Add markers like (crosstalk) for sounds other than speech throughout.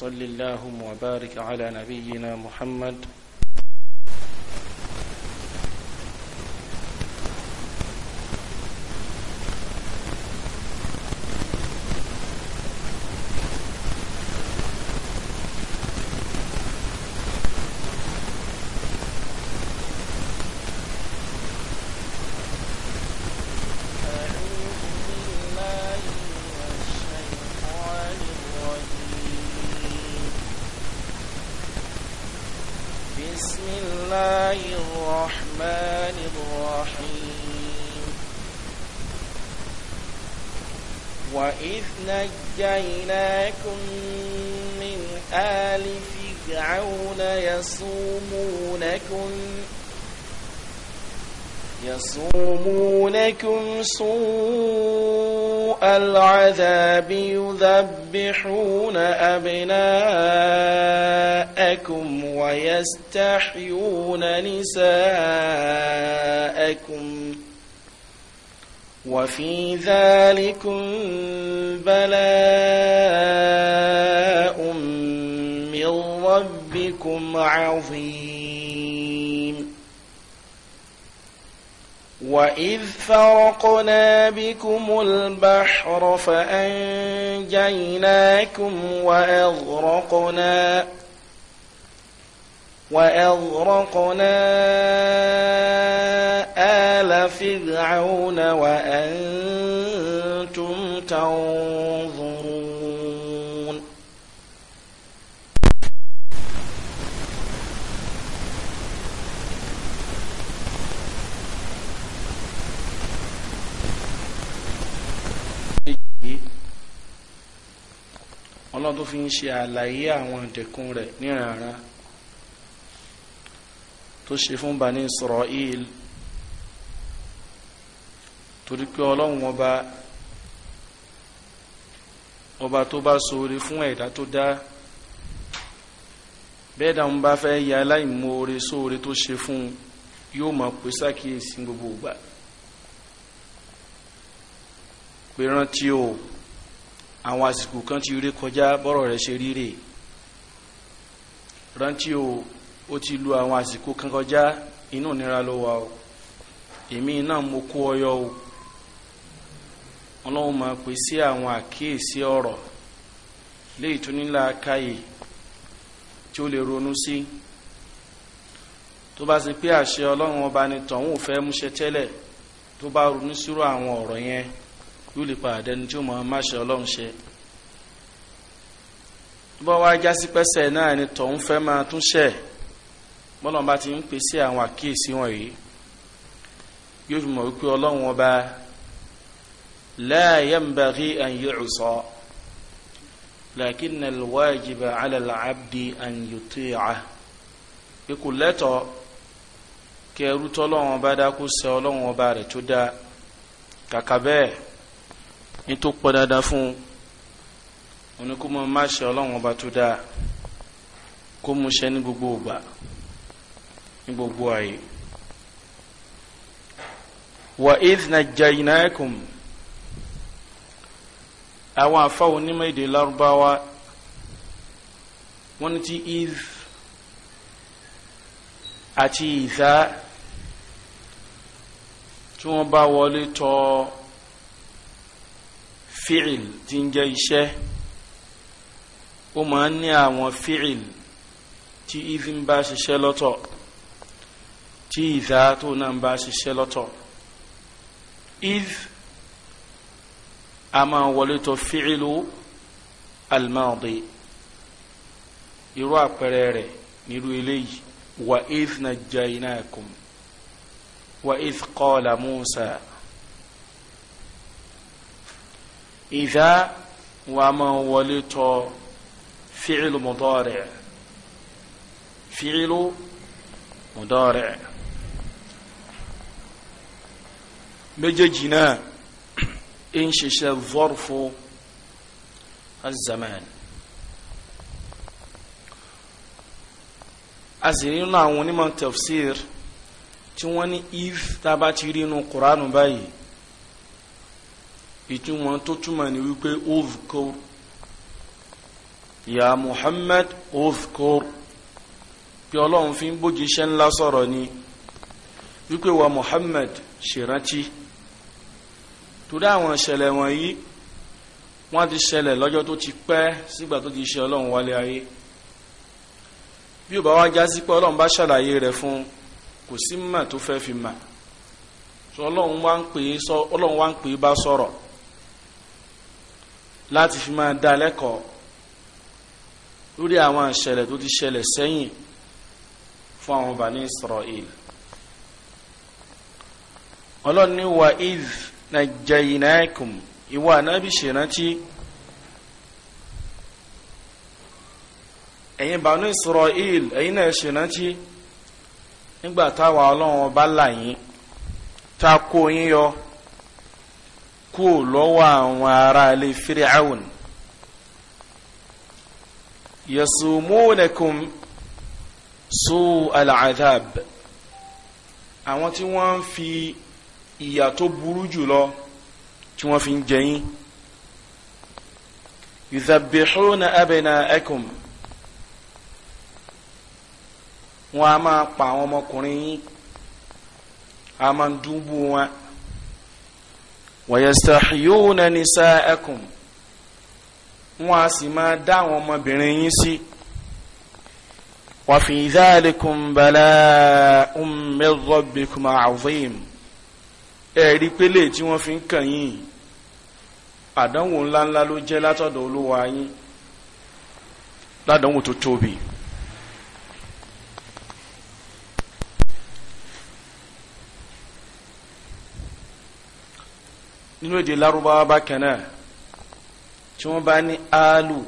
صل اللهم وبارك على نبينا محمد يَصُومُونَكُمْ سُوءَ الْعَذَابِ يُذَبِّحُونَ أَبْنَاءَكُمْ وَيَسْتَحْيُونَ نِسَاءَكُمْ وَفِي ذَلِكُمْ بَلَاءٌ مِّن رَّبِّكُمْ عَظِيمٌ وَإِذْ فَرَقْنَا بِكُمُ الْبَحْرَ فَأَنْجَيْنَاكُمْ وَأَغْرَقْنَا وَأَغْرَقْنَا آلَ فِرْعَوْنَ وَأَنْتُمْ تَنْظُرُونَ ọlọ́run tó fi ń ṣe àlàyé àwọn ìdẹ̀kùn rẹ̀ nírànràn tó ṣe fún Bani Israel torí pé ọlọ́run ọba ọba tó bá ṣoore fún ẹ̀dá tó dá bẹ́ẹ̀ dáhùn bá fẹ́ ya aláìmoore sóore tó ṣe fún un yóò máa pè sákìyèsí gbogbo ìgbà pé rántí o àwọn àsìkò kan ti rí kọjá bọ́rọ̀ rẹ̀ ṣe ríre rántí o ó ti lu àwọn àsìkò kan kọjá inú ìnira ló wà o èmi náà mo kó ọyọ o ọlọ́run máa pè sí àwọn àkíyèsí ọ̀rọ̀ léyìí tó káyè tí ó lè ronú sí tó bá ṣe pé àṣẹ ọlọ́run ọba ni tọ̀hún ò fẹ́ múṣẹ tẹ́lẹ̀ tó bá ronú sírò àwọn ọ̀rọ̀ yẹn yóò lè pa àdẹni tí ó mọ máṣe ọlọ́run ṣe bọ́ wá jásí pẹ́sẹ̀ náà ni tọ̀hún fẹ́ máa tún ṣẹ̀ bọ́lọ́n bá ti ń pèsè àwọn àkíyèsí wọ̀nyí yóò fi mọ̀ wípé ọlọ́run ọba la yanbaghi an yu'sa lakinna al-wajiba 'ala pé kò lẹ́tọ̀ọ́ kẹrù tọ́lọ́run ọba dá kó ọlọ́run ọba rẹ̀ tó dáa kàkà bẹ́ẹ̀ ní tó pọ̀ dáadáa fún un òní kó mọ má ṣe ọlọ́run ọba tó dáa kó mú ṣe ní gbogbo ògbà ní gbogbo ààyè. wa idh najjaynakum àwọn afa onímọ̀ èdè lárúbáwá wọ́n ti idh àti ìdá tí wọ́n bá wọlé tọ́ ọ fíìl tí ń jẹ́ iṣẹ́ ó máa ń ní àwọn fíìl tí ìdí ń bá ṣiṣẹ́ lọ́tọ̀ tí ìdá tó náà ń bá ṣiṣẹ́ lọ́tọ̀ ìdí a máa wọlé tọ̀ fíìlù almaadi irú àpẹẹrẹ rẹ̀ nírú eléyìí wa idh najjaynakum wa idh qala Musa. إذا وما ولت فعل مضارع فعل مضارع مججنا انشش الظرف الزمان azìrí nínú àwọn onímọ̀ tafsir tí wọ́n ní if tá a ti rí kuranu báyìí ìtumọ̀ tó túmọ̀ ní wípé uzkur ya Muhammad uzkur bí ọlọ́run fi ń bójíṣẹ́ ńlá sọ̀rọ̀ ni wípé wa Muhammad ṣèrántí torí àwọn ìṣẹ̀lẹ̀ wọ̀nyí wọ́n ti ṣẹlẹ̀ lọ́jọ́ tó ti pẹ́ sígbà tó ti ṣe ọlọ́run wálé ayé bí ò bá wá já sí pé ọlọ́run bá ṣàlàyé rẹ̀ fún kò sí mà tó fẹ́ fi mà ọlọ́run wá ń pè é bá sọ̀rọ̀ láti fi máa dá lẹ́kọ̀ọ́ lórí àwọn ìṣẹ̀lẹ̀ tó ti ṣẹlẹ̀ sẹ́yìn fún àwọn Bani Israel ọlọ́run ní wa iz najjaynaakum ìwà ànábì ṣèrántí ẹ̀yin Bani Israel ẹ̀yin náà ṣèrántí nígbà táwa ọlọ́run ọba là yín tá kó yín yọ kúò lọ́wọ́ àwọn aráalé Fir'aun yasumunakum su'al adhab àwọn tí wọ́n ń fi ìyà tó burú jùlọ tí wọ́n fi ń jẹ yín yudhabbihuna abna'akum wọ́n a máa pa àwọn ọmọkùnrin yín a máa ń dúbú wọn wọ̀yẹ̀sítàhìyóhùnà nìsa ẹkùn wọn a sì máa dá àwọn ọmọbìnrin yín sí wàfi ìdáàlìkùn bala ọmọbìnrin àwòfẹ́yìn ẹ̀rí pélé tí wọ́n fi ń kàn yín àdánwò ńláńlá ló jẹ́ látọ̀dọ̀ olúwa yín ládánwò tó tóbi. nínú èdè lárúbáwá bákan náà tí wọ́n bá ní alu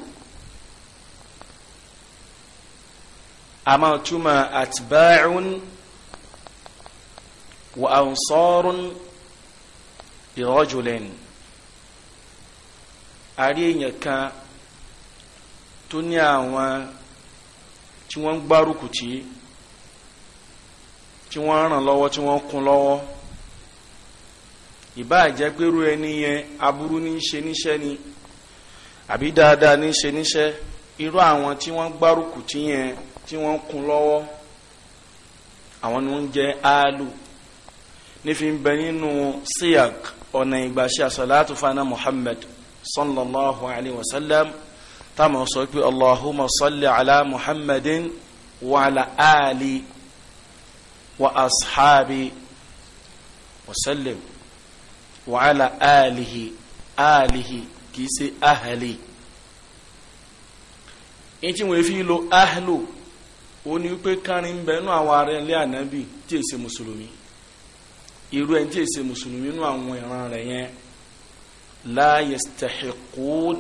a máa túmọ̀ atba'un wa ansarun li rajulin àrí èèyàn kan tó ní àwọn tí wọ́n gbárùkù tí wọ́n ràn lọ́wọ́ tí wọ́n kún lọ́wọ́ ìbáà jẹ́ pérú ẹni yẹn aburú ní ṣe níṣẹ́ ni àbí dáadáa ní ṣe níṣẹ́ irú àwọn tí wọ́n gbárùkù tí yẹn tí wọ́n kún lọ́wọ́ àwọn ni wọ́n jẹ́ áálù nífi ń bẹ nínú síyàk ọ̀nà ìgbàṣẹ́ àṣàlátù fana Muhammad sallallahu alayhi wa sallam táwọn sọ pé allahumma salli ala muhammadin wa ala ali wa ashabi wa sallim wàhálà áàlìhì áàlìhì kìí ṣe áhàlì èyí tí wọ́n fi lo áhàlò ó ní wípé kárin bẹ́ẹ̀ nú àwọn ará ilé ànábì tí èsè mùsùlùmí irú ẹni tí èsè mùsùlùmí nú àwọn ìran rẹ̀ yẹn la yastahiqun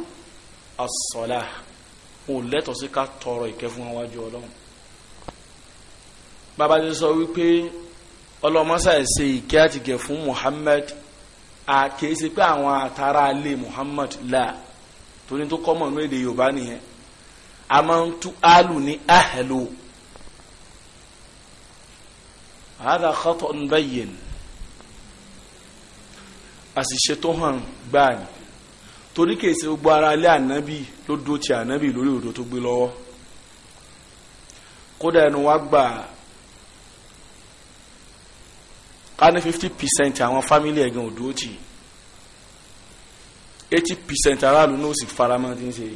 ò lẹ́tọ̀ọ́ sí ká tọrọ ìkẹ́ fún wọn wájú sọ wípé ọlọ́mọsáì ṣe ìkẹ́ àtìkẹ́ fún Muhammad a kìí ṣe pé àwọn àtàrà alẹ́ Muhammad la torí tó kọ́ mọ̀ ní èdè Yorùbá nìyẹn a máa ń tú alu ní ahlu hada khata'un bayyin àṣìṣe tó hàn gbáà ni torí kìí ṣe gbogbo ara alẹ́ ànábì ló dó ti ànábì lórí òdo tó gbé lọ́wọ́ kódà ẹnu wa gbà ká ní fifty percent àwọn fámìlì ẹ̀gàn òdúró tì í eighty percent aráàlú náà sì faramọ́ tí ń ṣe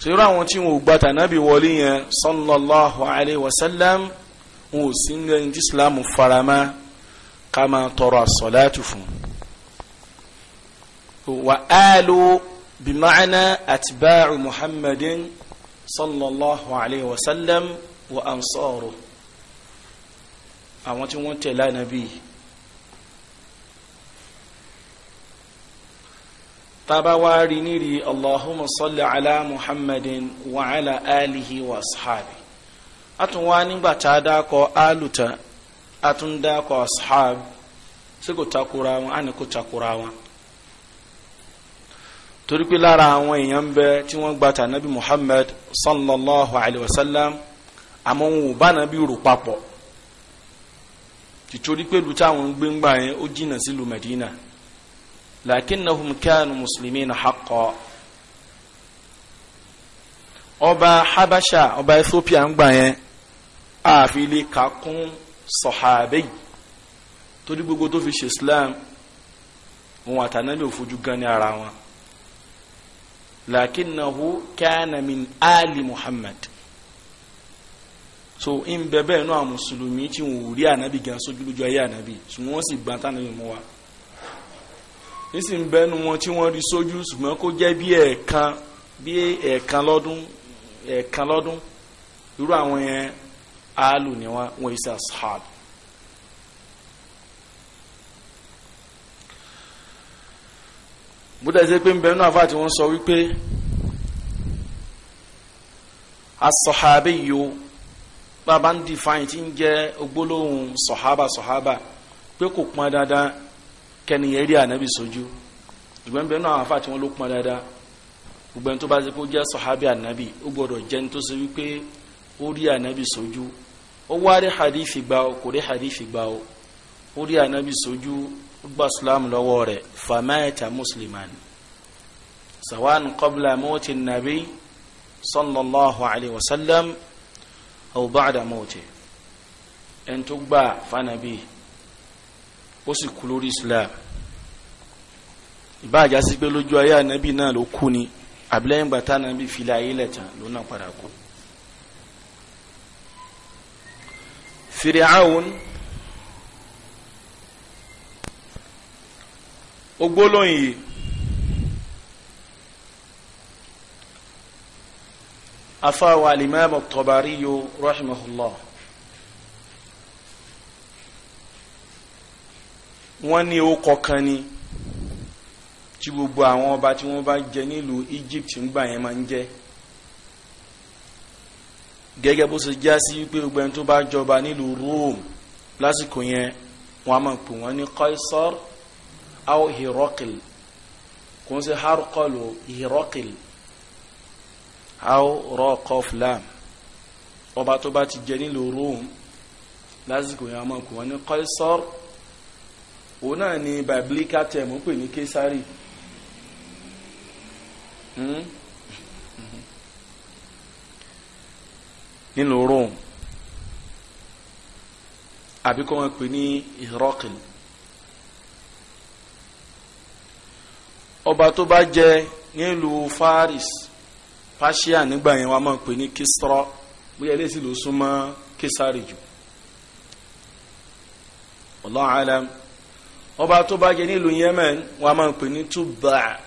sèrè àwọn tí wọn ò gba tànàbí wọlé yẹn sallallahu alayhi wa sallam wọn ò sí ní ẹni tí islam faramọ́ ká máa tọrọ àsọ̀láàtù fún wa alu bimaana atba'u muhammadin sallallahu alayhi wa sallam wa ansoro àwọn tí wọ́n tẹ̀lé ànábì tába wá rí nírí allahumma salli ala muhammadin wa ala alihi wa sahabi a tún wá nígbà tá a dákọ aluta a tún dákọ ashabi sí kò takura wọn á ní kò takura wọn torí pé lára àwọn èèyàn ń bẹ tí wọ́n gba tànàbí muhammad sallallahu alayhi wa sallam àmọ́ wọn ò bá nàbí rò papọ̀ tìtorí pé lu táwọn gbé ńgbà yẹn ó jìnnà sí lu Madina lakinnahum kanu muslimina haqqan ọba Habasha ọba Ethiopia ńgbà yẹn àfi lè kà kún sọ̀hábẹ́ yìí torí gbogbo tó fi ṣe Islam òun àtànábì ò gan ní ara wọn lakinnahu kana min ali Muhammad so ń bẹ bẹ́ẹ̀ náà mùsùlùmí tí wọn ò rí ànábì gan sójú lójú ayé ànábì ṣùgbọ́n wọ́n sì gbọ́n tánàbì mọ́ wa nísì ń bẹ́nu wọn tí wọ́n rí sójú ṣùgbọ́n kó jẹ́ bí ẹ̀ẹ̀kan bí ẹ̀ẹ̀kan lọ́dún ẹ̀ẹ̀kan lọ́dún irú àwọn yẹn áàlù ni wọn wọn yìí ṣe ashab. bó dẹ̀ ṣe pé ń bẹ́ẹ̀ náà fà tí wọ́n sọ wípé asọ̀hábẹ́ bàbá ń define ti ń jẹ́ ogbólóhùn sọ̀hábà sọ̀hábà pé kò pọn dandan kẹ́niyàn rí ànábì sójú ìgbẹ́ ń bẹ náà àwọn afá tí wọ́n ló pọn dandan gbogbo ẹni tó bá ṣe kó jẹ́ sọ̀hábì ànábì ó gbọ́dọ̀ jẹ́ ní tó ṣe wípé ó rí ànábì sójú ó wá rí hadithi gbà ó kò rí hadithi gbà ó ó rí ànábì sójú ó gba islam lọ́wọ́ rẹ̀ famata musliman sawan qabla mọ́tì nàbí sallallahu alayhi wa sallam aw ba'da mawti ẹni tó gbà fanabi ó sì kú lórí islam ìbáàjá sí pé lójú ayé ànábì náà ló kú ni àbílẹ́yìn gbàtà ànábì filẹ̀ ayé lẹ̀tàn ló náà padà kú. fìrìhàn ogbólóyìn yìí. afáwa alimami tọbariyo رحمه الله. ní ó kọkan ni tí gbogbo àwọn ọba tí wọ́n bá jẹ nílùú Egypt ńgbà yẹn máa ń jẹ gẹ́gẹ́ bó ṣe já sí pé gbogbo ẹni tó bá jọba nílùú Rome lásìkò yẹn wọ́n a máa pè wọ́n ní Kaisar aw Hirokil kò ń ṣe harukọlù Hirokil aw rọkọ filan ọba tó bá ti jẹ nílùú rome lásìkò yẹn a máa kó wọn ní kọsọr òun náà ni biblical term ń pè ní késárì hmm? nílùú rome àbí kó wọn pè ní ìrọkìn ọba tó bá jẹ nílùú faris. Persia nígbà yẹn wọ́n máa ń pè ní Kisra bóyá eléyìí ló súnmọ́ Kesari jù Allahu alam ọba tó bá jẹ nílùú Yemen wọ́n máa ń pè ní Tuba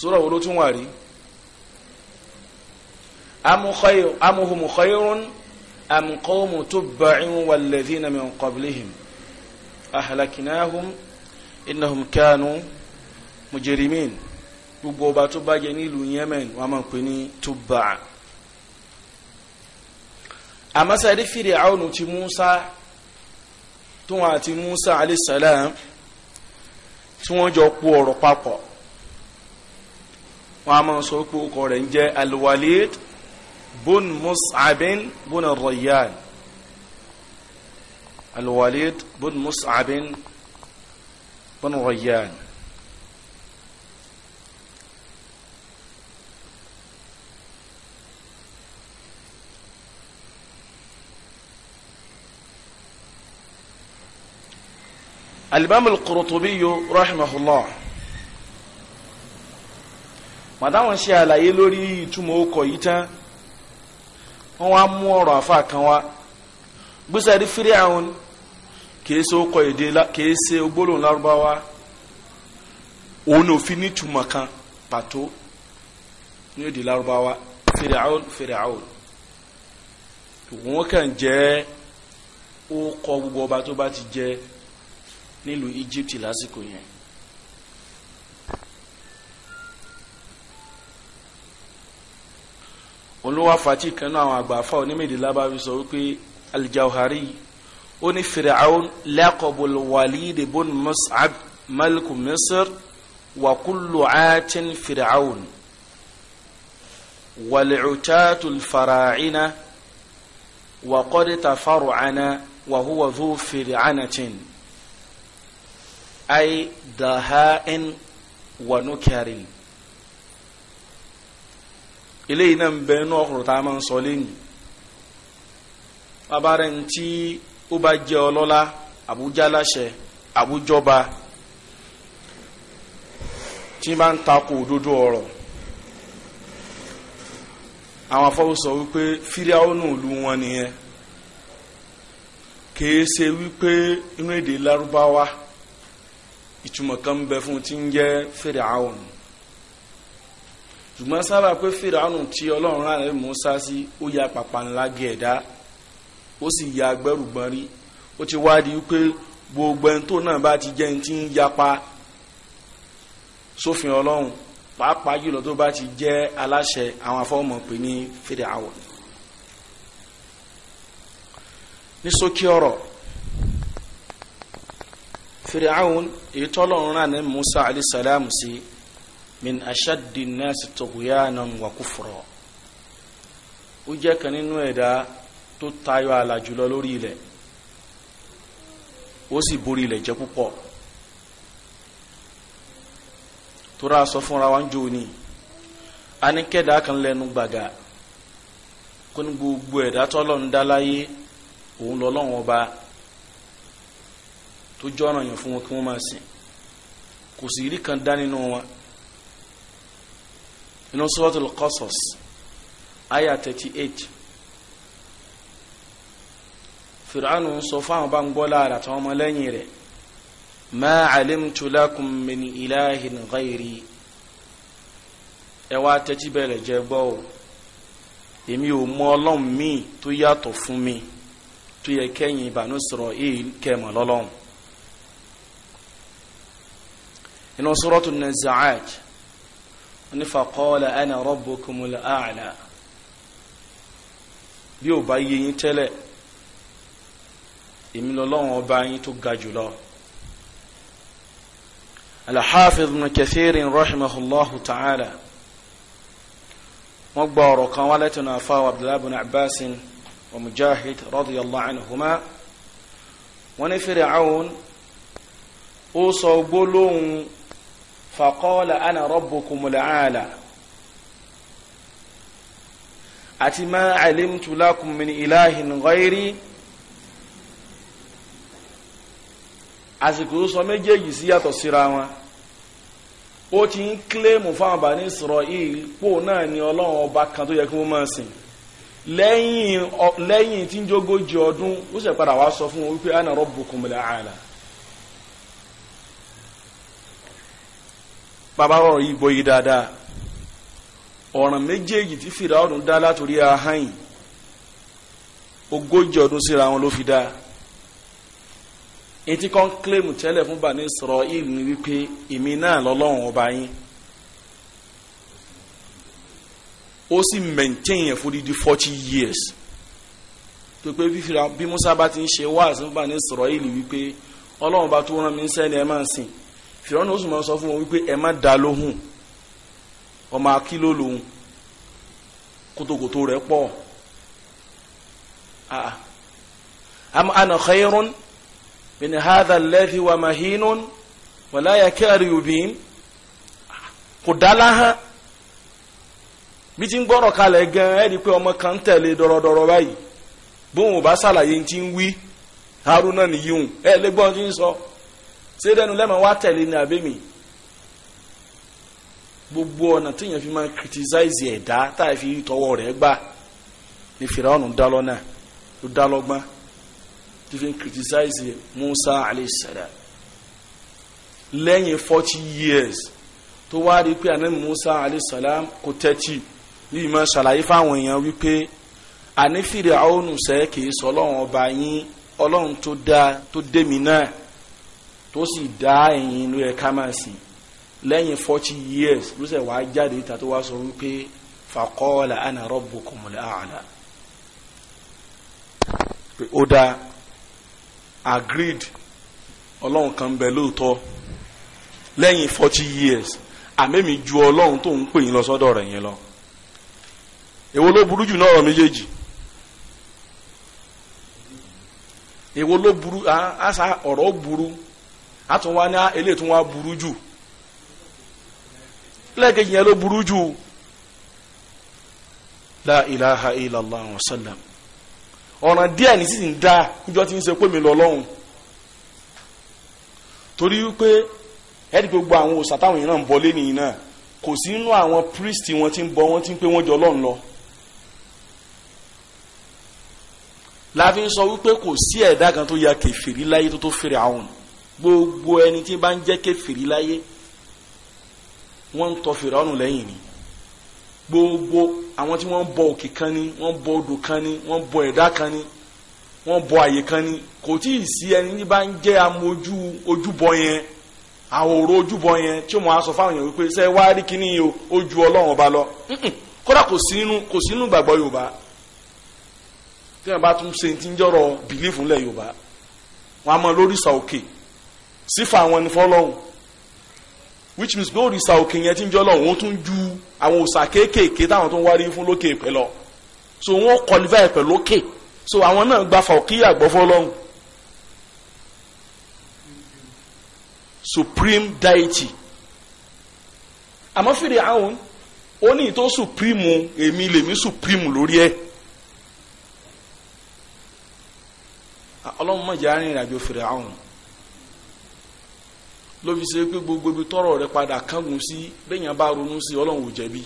sura wo ló tún wà rí amuhum khayrun am qawmu min qablihim ahlakinahum innahum kanu mujrimin gbogbo ọba tó bá jẹ nílùú Yemen wọn máa ń pè ní tuba àmásáré fìdí àwọn ti Musa tó wọn àti Musa alayhisalam tí wọn jọ kó ọ̀rọ̀ papọ̀ wọn máa sọ pé ọkọ rẹ̀ ń jẹ Al-Walid bun Mus'abin bun Rayyan Al-Walid bun Mus'abin alimami al-Qurtubi rahimahullah màdáwọn ṣe àlàyé lórí ìtumọ̀ okọ̀ yìí tán wọ́n wá mú ọ̀rọ̀ àfa kan wá gbèsè rí Fíráùn kìí ṣe okọ̀ èdè kìí ṣe ogbólóhùn lárúbáwá òun ò fi ní ìtumọ̀ kan pàtó ní èdè lárúbáwá Fíráùn Fíráùn wọ́n kàn jẹ́ okọ̀ gbogbo ọba tó bá ti jẹ́ nílùú Egypt lásìkò yẹn olúwa fati kanu àwọn àgbàfà onímìdí lábàbí sọ wípé aljawhari ó ní firaun laqabul walid ibn mus'ab maliku misr wa kullu caatin firaun walcutaatu lfaraacina wa qad tafarcana wa huwa dhu fircanatin أي دهاء ونكر eléyìí náà ń bẹ nínú ọ̀rọ̀ tá a máa ń sọ lẹ́yìn bàbá rẹ̀ ń tí ó bá jẹ́ ọlọ́lá àbújá láṣẹ àbújọba tí bá ń takò òdodo ọ̀rọ̀ àwọn afọwọ́sọ wípé fíríàwọ́nù ìlú wọn nìyẹn kèé ṣe wípé inú èdè lárúbáwá ìtumọ̀ kan bẹ fún ti ń jẹ́ fèrè àwọn ṣùgbọ́n sábà pé fèrè àwọn tí ọlọ́run rán rẹ̀ Mùsá sí ó ya pàpà ńlá gẹ̀ẹ́dá ó sì ya agbẹ́rùgbọ́n rí ó ti wá di pé gbogbo ẹni tó náà bá ti jẹ́ ẹni tí ń yapa sófin ọlọ́run pàápàá jùlọ tó bá ti jẹ́ aláṣẹ àwọn afọ́mọ̀ pè ní fèrè àwọn ní ṣókí ọ̀rọ̀ firaun èyí tọ́lọ́run náà ní musa alayisalaam sí min ashadi nasi toguyanan wa kufra ó jẹ́ kan nínú ẹ̀dá tó tayọ ààlà jùlọ lórí ilẹ̀ ó sì borí ilẹ̀ jẹ́ púpọ̀ tora sọ fúnra wa ń jó ni a ní kẹ́dà kan lẹ́nu gbàgà kó ní gbogbo ẹ̀dá tọ́lọ́run dá láyé òun lọ́lọ́run ọba tó jọ́nà yẹn fún wọn kí wọ́n máa sìn kò sì rí kan dá nínú wọn inú suratul Qasas aya thirty eight fìràánù sọ fáwọn bá ń gbọ́ láàrà àtàwọn ọmọlẹ́yìn rẹ̀ ma alimtu lakum min ilahin ghayri ẹ wá tẹ́tí bẹ̀rẹ̀ jẹ́ gbọ́ o èmi ò mọ ọlọ́run míì tó yàtọ̀ fún mi tó yẹ kẹ́yìn ìbànú sọ̀rọ̀ èyí kẹ́ mọ̀ lọ́lọ́run. inú suratu nazaaj ní faqala ana rabbukumul a'la bí ò bá yé yín tẹ́lẹ̀ èmi lọ́lọ́run ọba yín tó ga jùlọ alhafiz ibn kathirin rahimahullahu ta'ala wọ́n gba ọ̀rọ̀ kan wá lẹ́tọ̀nà afáwọ̀ abdullahi bin abbasin wa mujahid radiyallahu anhuma wọ́n ní Fir'aun ó sọ gbólóhùn faqala ana rabbukumul aala àti ma alimtu lakum min ilahin ghairi àsìkò sọ méjèèjì sí yàtọ̀ síra wọn ó ti ń kílèmù fáwọn Bani Isra'il pò náà ni ọlọ́run ọba kan tó yẹ kí wọ́n máa sìn lẹ́yìn tí ń jógójì ọdún ó sì padà wá sọ fún wọn wípé ana rabbukumul aala bàbá ọ̀rọ̀ yìí bọ́ yìí dáadáa ọ̀ràn méjèèjì tí fìdáwọ̀n dá látòrí ahán ogójì ọdún síra wọn ló fi dá etí kan kílèmù tẹ́lẹ̀ fún Bani Israel ní wípé èmi náà lọ́lọ́run ọba yín ó sì maintain yẹn fún dídí forty years tó pé bí Musa bá ti ń ṣe wáàsí fún Bani Israel wípé ọlọ́run bá tó rán mi sẹ́ni ẹ máa sìn fìrọ́nù ó sì máa sọ fún wọn wípé ẹ má da lóhùn ọmọ akíló lòun kótókótó rẹ̀ pọ̀ ah. am ana khayrun min hadha alladhi wa mahinun wala yakariyu bin ah. kò dá láhán bí ti ń gbọ́rọ̀ kalẹ̀ gan ẹ́ rí pé ọmọ kan tẹ̀lé dọ̀rọ̀dọ̀rọ̀ báyìí bóun ò bá ṣàlàyé ti ń wí haruna nìyí òun ẹ lè ti ń sọ. So ṣé dẹnu lẹ́mọ̀ wá tẹ̀lé ní abẹ́mi gbogbo ọ̀nà téèyàn fi máa criticize ẹ̀dá tá a fi tọwọ́ rẹ̀ gbà ní fìràwọ̀nù dálọ́ náà ló dá lọ́gbọ́n tí fi ń criticize Musa alayhi salam lẹ́yìn forty years tó wá rí pé ànábì Musa alayhi salam kò tẹ́tí ní ìmọ̀ ṣàlàyé fáwọn èèyàn wípé àní fìràwọ̀nù sẹ́ kìí sọ ọlọ́run ọba yín ọlọ́run tó dáa tó dé mi náà. tó sì dá ẹ̀yìn ló yẹ ká máa sìn lẹ́yìn forty years ló sẹ̀ jáde ìta tó wá sọ wípé faqala ana rabbukumul a'la pé ó dáa agreed ọlọ́run kan bẹ lóòótọ́ lẹ́yìn forty years àmẹ́mi ju ọlọ́run tó ń pè yín lọ sọ́dọ̀ rẹ̀ yẹn lọ èwo ló burú jù àtúnwá ní ah, eléyìí tún wá burú jù lẹ́ẹ̀kejì yẹn ló burú jù la ilaha illallah wa sallam ọ̀ràn díẹ̀ ní sísìn dá níjọ́ tí ń ṣe pé mi lọ lọ́hùn torí wípé ẹ̀ẹ́dì gbogbo àwọn òòsà táwọn yìí náà ń bọ lé nìyí náà kò sí inú àwọn priest wọn tí ń bọ wọn tí ń pé wọn jọ lọ́hùn lọ. láfi ń sọ wípé kò sí ẹ̀dá kan tó ya kèfèrí láyé tó tó fèrè àwọn gbogbo ẹni tí bá ń jẹ́ kèfèrí láyé wọ́n ń tọ fìrọ́nù lẹ́yìn ni gbogbo àwọn tí wọ́n ń bọ òkè kan ni wọ́n ń bọ odò kan ni wọ́n ń bọ ẹ̀dá kan ni wọ́n ń bọ àyè kan ni kò tí ì sí ẹni tí bá ń jẹ́ amójú ojúbọ yẹn àwòrán ojúbọ yẹn tí mo á sọ fáwọn èèyàn wípé ṣé wàá rí kíní yìí o ju ọlọ́run ọba lọ kódà kò sí nínú kò sí nínú gbàgbọ́ yorùbá tí wọn bá tún ṣe ti ń jọrọ bìlífù lẹ yorùbá wọn a mọ lórí sọ òkè. Okay sífà àwọn ẹni fọlọ́hún which means pé òrìṣà òkè yẹn ti ń jọ lọ́hún wọ́n tún ju àwọn òòṣà kéékèèké táwọn tó ń wárí fún lókè pẹ̀ lọ so wọ́n kọlífà ẹ̀pẹ̀ lókè so àwọn náà gba fàókìyà gbọ́ fọlọ́hún supreme deity àmọ́ fìdí àwọn ó ní ìtò supreme èmi lèmi supreme lórí ẹ̀ ọlọ́run mọ̀jà arìnrìn àjò fìdí àwọn ló fi ṣe pé gbogbo ibi tọ́rọ̀ rẹ̀ padà kángun sí bẹ́yàn bá ronú sí Ọlọ́run ò jẹ̀bi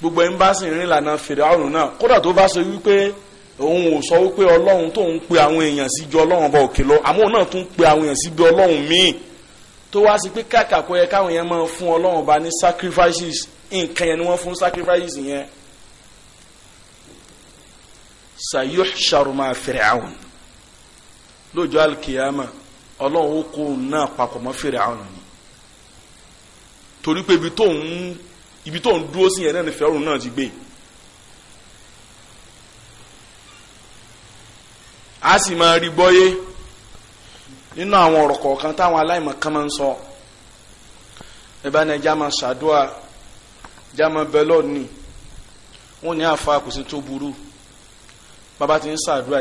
gbogbo ẹni bá sì rìn lànà fèrè àrùn náà kódà tó bá ṣe wípé òun ò sọ wípé Ọlọ́run tó ń pe àwọn èèyàn sí ju Ọlọ́run ọba òkè lọ àmọ́ náà tún pe àwọn èèyàn sí bí Ọlọ́run míì tó wá sí pé kàkà yẹ káwọn yẹn máa fún Ọlọ́run ọba ní sacrifices nǹkan yẹn ni wọ́n fún sacrifices yẹn sayuhsharu ma fir'aun. lọ́jọ́ alikiyama ọlọ́run ó kó òun náà papọ̀ mọ́ fèrè ni torí pé ibi tó ń dúró sí yẹn ni náà ti gbé a sì máa rí gbọ́yé nínú àwọn ọ̀rọ̀ kọ̀ọ̀kan táwọn aláìmọ̀ kan máa ń sọ ẹ̀bá máa ṣàdúrà ẹja máa bẹ lọ́ọ̀nì wọ́n ní àfa kò sí tó ti ń ṣàdúrà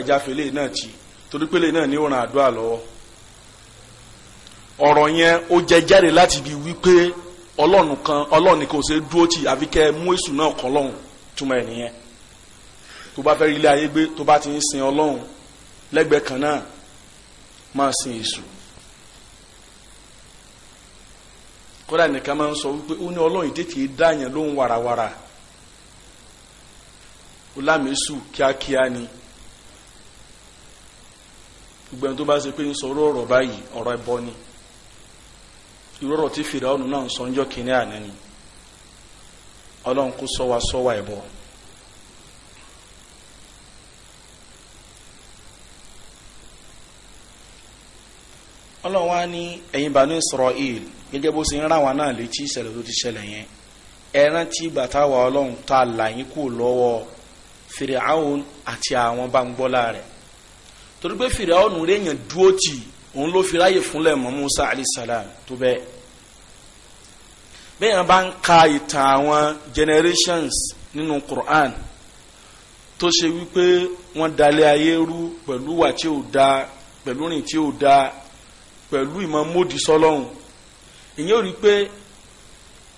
náà torí pé lè náà ní òràn àdúrà lọ́wọ́ ọ̀rọ̀ yẹn ó jẹ jáde láti ibi wípé ọlọ́run kan ọlọ́run kan ò ṣe dúró tì àfi kẹ́ mú èṣù náà kọ́ lọ́hùn túmọ̀ ẹ̀ nìyẹn tó bá fẹ́ rí ilé ayé gbé tó bá ti ń sin ọlọ́run lẹ́gbẹ̀ẹ́ kan náà máa sin èṣù kódà nìkan máa ń sọ wípé ó ní ọlọ́run tètè dáàyàn lóhùn wàràwàrà ó lámèésù kíákíá ni. Kia gbogbo ẹni tó bá ṣe pé ń sọ̀rọ̀ ọ̀rọ̀ báyìí ọ̀rọ̀ ẹbọ ni irú ọ̀rọ̀ tí fìdáwọnù náà ń sọ ọjọ́ kìnínní àná ni Ọlọ́run kó sọ wa sọ wa ẹbọ. Ọlọ́run wa ní ẹ̀yin Banu Israel gẹ́gẹ́ bó ṣe ń ráwọn náà létí ìṣẹ̀lẹ̀ tó ti ṣẹlẹ̀ yẹn ẹran tí bàtà wà Ọlọ́run tá a là yín kú lọ́wọ́ àti àwọn bá ń gbọ́lá rẹ̀ torí pé fìràwọnù rẹ yàn dúró tì òun ló fi ráyè fúnlẹ̀ mọ́ Musa alayisalaam tó bẹ́ẹ̀ bẹ́ẹ̀ yẹn bá ń ka ìtàn àwọn generations nínú Quran tó ṣe wípé wọ́n dalẹ̀ ayé rú pẹ̀lú wà tí ò da pẹ̀lú rìn tí ò da pẹ̀lú ìmọ̀ mòdì sọlọ́hún ìyẹn ò rí pé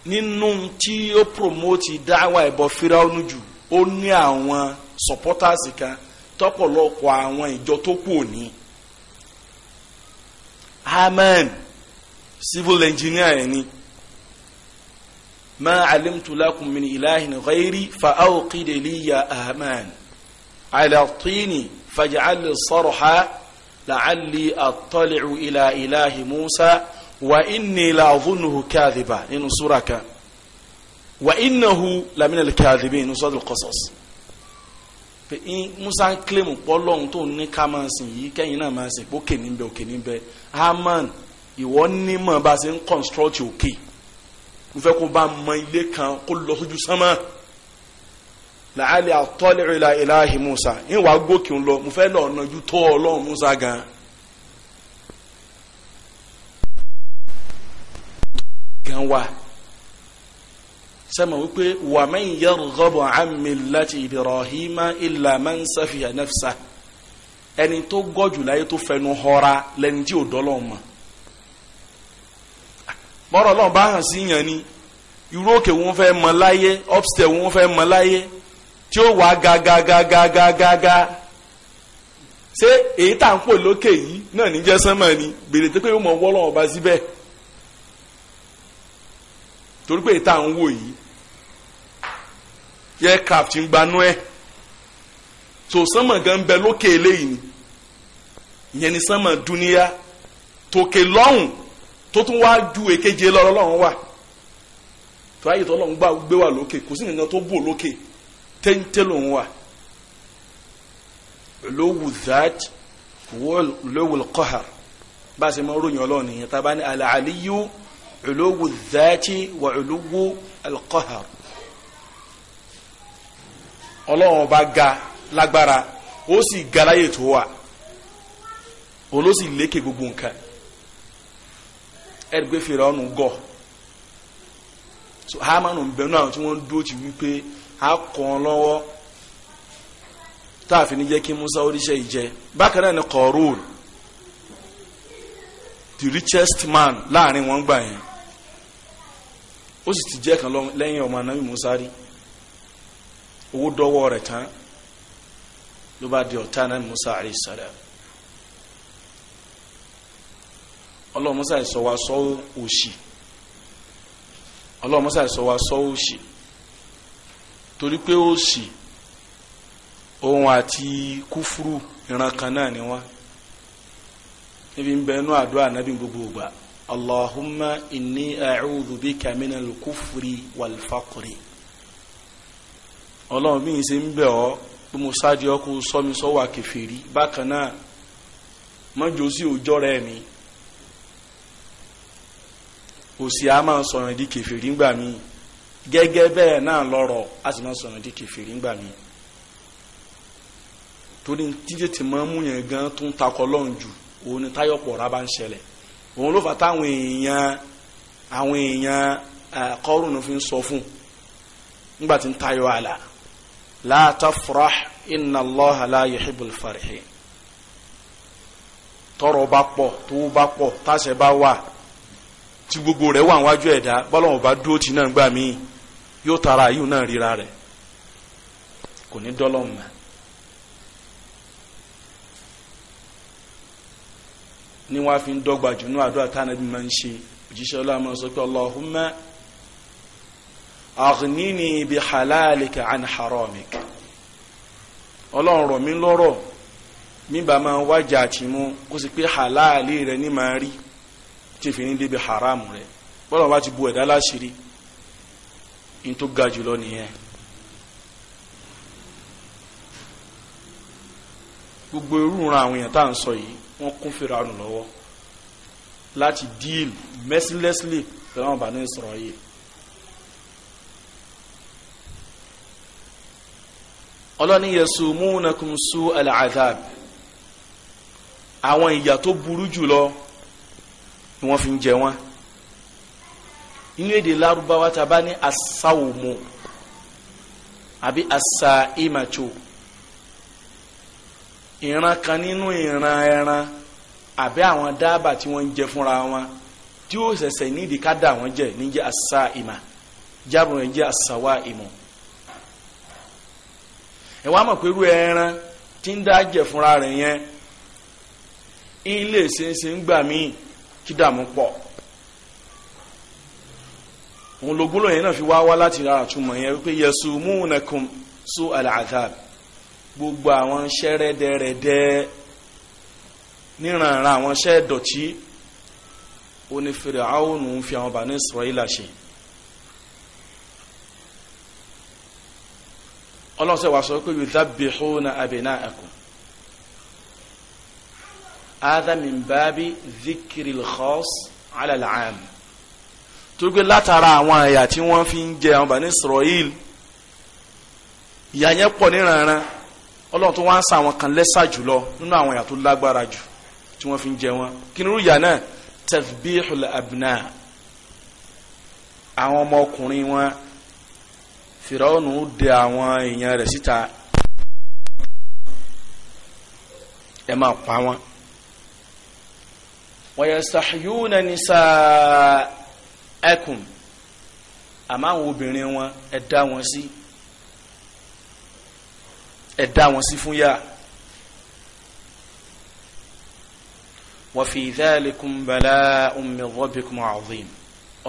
nínú tí ó promote dáwà ìbọn fíráúnù jù ó ní àwọn supporters kan tọ́pọ̀lọpọ̀ àwọn ìjọ tó kù òní amen civil engineer ẹ̀ ni ma alimtu lakum min ilahin ghairi fa awqide liya amen alatini faj'al sarha la'alli attali'u ila ilahi musa wa inni la adhunuhu kadhiba nínú súra kan wa innahu lamina al nínú suratul qasas pé musa ń kílèmù pọ́lọ́hún tó ní ká máa sìn yìí kẹ́yìn náà máa sìn pé òkè níbẹ̀ òkè níbẹ̀ Haman ìwọ nímọ̀ bá a ṣe ń construct òkè mo fẹ́ kó bá mọ ilé kan kó lọ sójú sánmọ́ làálẹ̀ àtọ́lẹ̀ ìlà ìlàhì musa ń wàá gòkè ń lọ mo fẹ́ lọ́ọ́ nàjú tó ọlọ́run musa gan gan wa sẹ́mi wípé wa man yarghabu an millati Ibrahima illa man safiha nafsa ẹni tó gọ́jù láyé tó fẹnu họra lẹni tí ò dọ́lọ́ mọ̀ bọ́rọ̀ lọ́n bá hàn sí yàn ni irú òkè wọn fẹ́ mọ láyé upstair wọn fẹ́ mọ láyé tí ó wà gàgàgàgàgàgà ṣé èyí tá à ń pò lókè yìí náà níjẹ́ sánmà ni bèrè tó pé yóò mọ wọ́lọ́ torí pé èyí ń wò yìí aircraft ń gbanú ẹ̀ so sánmọ̀ gan bẹ lókè eléyìí ni ìyẹn ni sánmọ̀ dúníyà tòkè lọ́hùn tó tún wá ju èkeje lọ́rọ́ lọ́hùn wà tó ayé tó lọ́hùn gbà gbé wà lókè kò sí nǹkan tó bò lókè téńté lòun wà lówù that lówù kọ́hàr bá a ṣe máa ròyìn ọlọ́run nìyẹn tá a bá ní alàlíyú lówù that wà lówù alkọ́hàr. ọlọ́run ọba ga lágbára ó sì ga láyè tó wà òun ló sì gbogbo nǹkan ẹ̀rí fèrè ọ̀nù so hamanu bẹnu àwọn tí wọ́n dúró ti wípé a kọ́ ọ lọ́wọ́ tá a fi ní jẹ́ kí Musa oríṣẹ́ ìjẹ bákan náà ni the richest man láàrin wọn gbà yẹn ó sì ti jẹ́ kan lẹ́yìn ọmọ Musa rí. owó dọ́wọ́ rẹ̀ tán ló bá di ọ̀tá náà musa alayhi salam ọlọ́run musa yìí sọ wa sọ òṣì ọlọ́run musa yìí sọ wa sọ òṣì torí pé òṣì òun àti kúfúrú ìran kan náà ni wọn níbi ń bẹ inú àdúrà nábì gbogbo gbà allahumma inni a'udhu bika minal kufri wal faqri ọlọ́run bí yìí ṣe ń bẹ̀ ọ́ pé mo sáájú ọ kó sọ mi sọ́wọ́ àkèfèrí bákan náà mọ́jọ sí òòjọ́ rẹ̀ mi òsì á máa sọ̀rọ̀ di kèfèrí ńgbà mi gẹ́gẹ́ bẹ́ẹ̀ náà lọ́rọ̀ á sì máa sọ̀rọ̀ di kèfèrí ńgbà mi torí títí tí máa mú yẹn gan tó ń takọ lọ́run jù òun ni táyọ̀pọ̀ ọ̀rá bá ń ṣẹlẹ̀ òun ló fà táwọn èèyàn àwọn èèyàn eh, kọ́rùn fi ń sọ fún nígbà tí ń tayọ àlà. لا تفرح إن الله لا يحب farihin tọrọ bá pọ̀ tó bá pọ̀ táṣẹ bá wà tí gbogbo rẹ̀ wà wájú ẹ̀dá bọ́lọ́wọ́n bá dúró tí náà gbà mí yóò tara yìí náà ríra rẹ̀ kò ní dọ́lọ́ mọ́ ni wọ́n fi ń dọ́gba jù ní àdúrà tánàbí máa ń ṣe òjíṣẹ́ ọlọ́run sọ pé aghnini bi halalika an haramika ọlọ́run rọ̀ mí lọ́rọ̀ mi bá máa wájà àti mu kó sì pé halali rẹ ní máa rí tí fi ní débi haram rẹ bọ́lá wa ti bu ẹ̀dá láṣìírí ní tó ga jùlọ nìyẹn. gbogbo irúra àwọn èèyàn tá à ń sọ yìí wọ́n kún fèrè àánú lọ́wọ́ láti deal mercilessly pẹ̀lú àwọn Bani Israel yìí. ọlọ́ni yasumunakum su al-azab àwọn ìyà tó burú jùlọ ni wọ́n fi ń jẹ wọ́n inú èdè lárúbáwá ta bá ní asáwòmù àbí asáìmàtò ìran kan nínú ìran ẹran àbí àwọn dábàá tí wọ́n ń jẹ fúnra wọn tí ó ṣẹ̀ṣẹ̀ nídìí ká dà wọ́n jẹ níjẹ́ asáìmà jábọ̀ rẹ̀ jẹ́ asáwà ẹ wá mọ̀ pé irú ẹran tí ń dá jẹ fúnra rẹ̀ yẹn ilé ṣeéṣe ń gbà míì kí dààmú pọ̀ òun ló gbólóyè náà fi wá wá láti ra àtúmọ̀ yẹn wípé yasumunakum su al-azab gbogbo àwọn iṣẹ́ rẹ́dẹ́rẹ́dẹ́ níranran àwọn iṣẹ́ dọ̀tí onífèrè àwọn òun fi àwọn bàní Israẹla ṣe ọlọ́sẹ̀ wà sọ pé yudhabbihuna abna'akum hadha min babi dhikril khass ala al-'am torípé látara àwọn àyà tí wọ́n fi ń jẹ àwọn Bani Israel ìyà yẹn pọ̀ níranran ọlọ́run tó wá ń sa àwọn kan lẹ́sà jùlọ nínú àwọn ìyà tó lágbára jù tí wọ́n fi ń jẹ wọn kí nírú ìyà náà tadhbihul abna àwọn ọmọkùnrin wọn fìrọ́ọ̀nù de àwọn èèyàn rẹ̀ síta ẹ máa pa wọn. wa yastahyuna nisaakum àmọ́ àwọn obìnrin wọn ẹ dá wọn sí ẹ dá wọn sí fún yá. wa fi dhalikum bala'un min rabbikum 'azim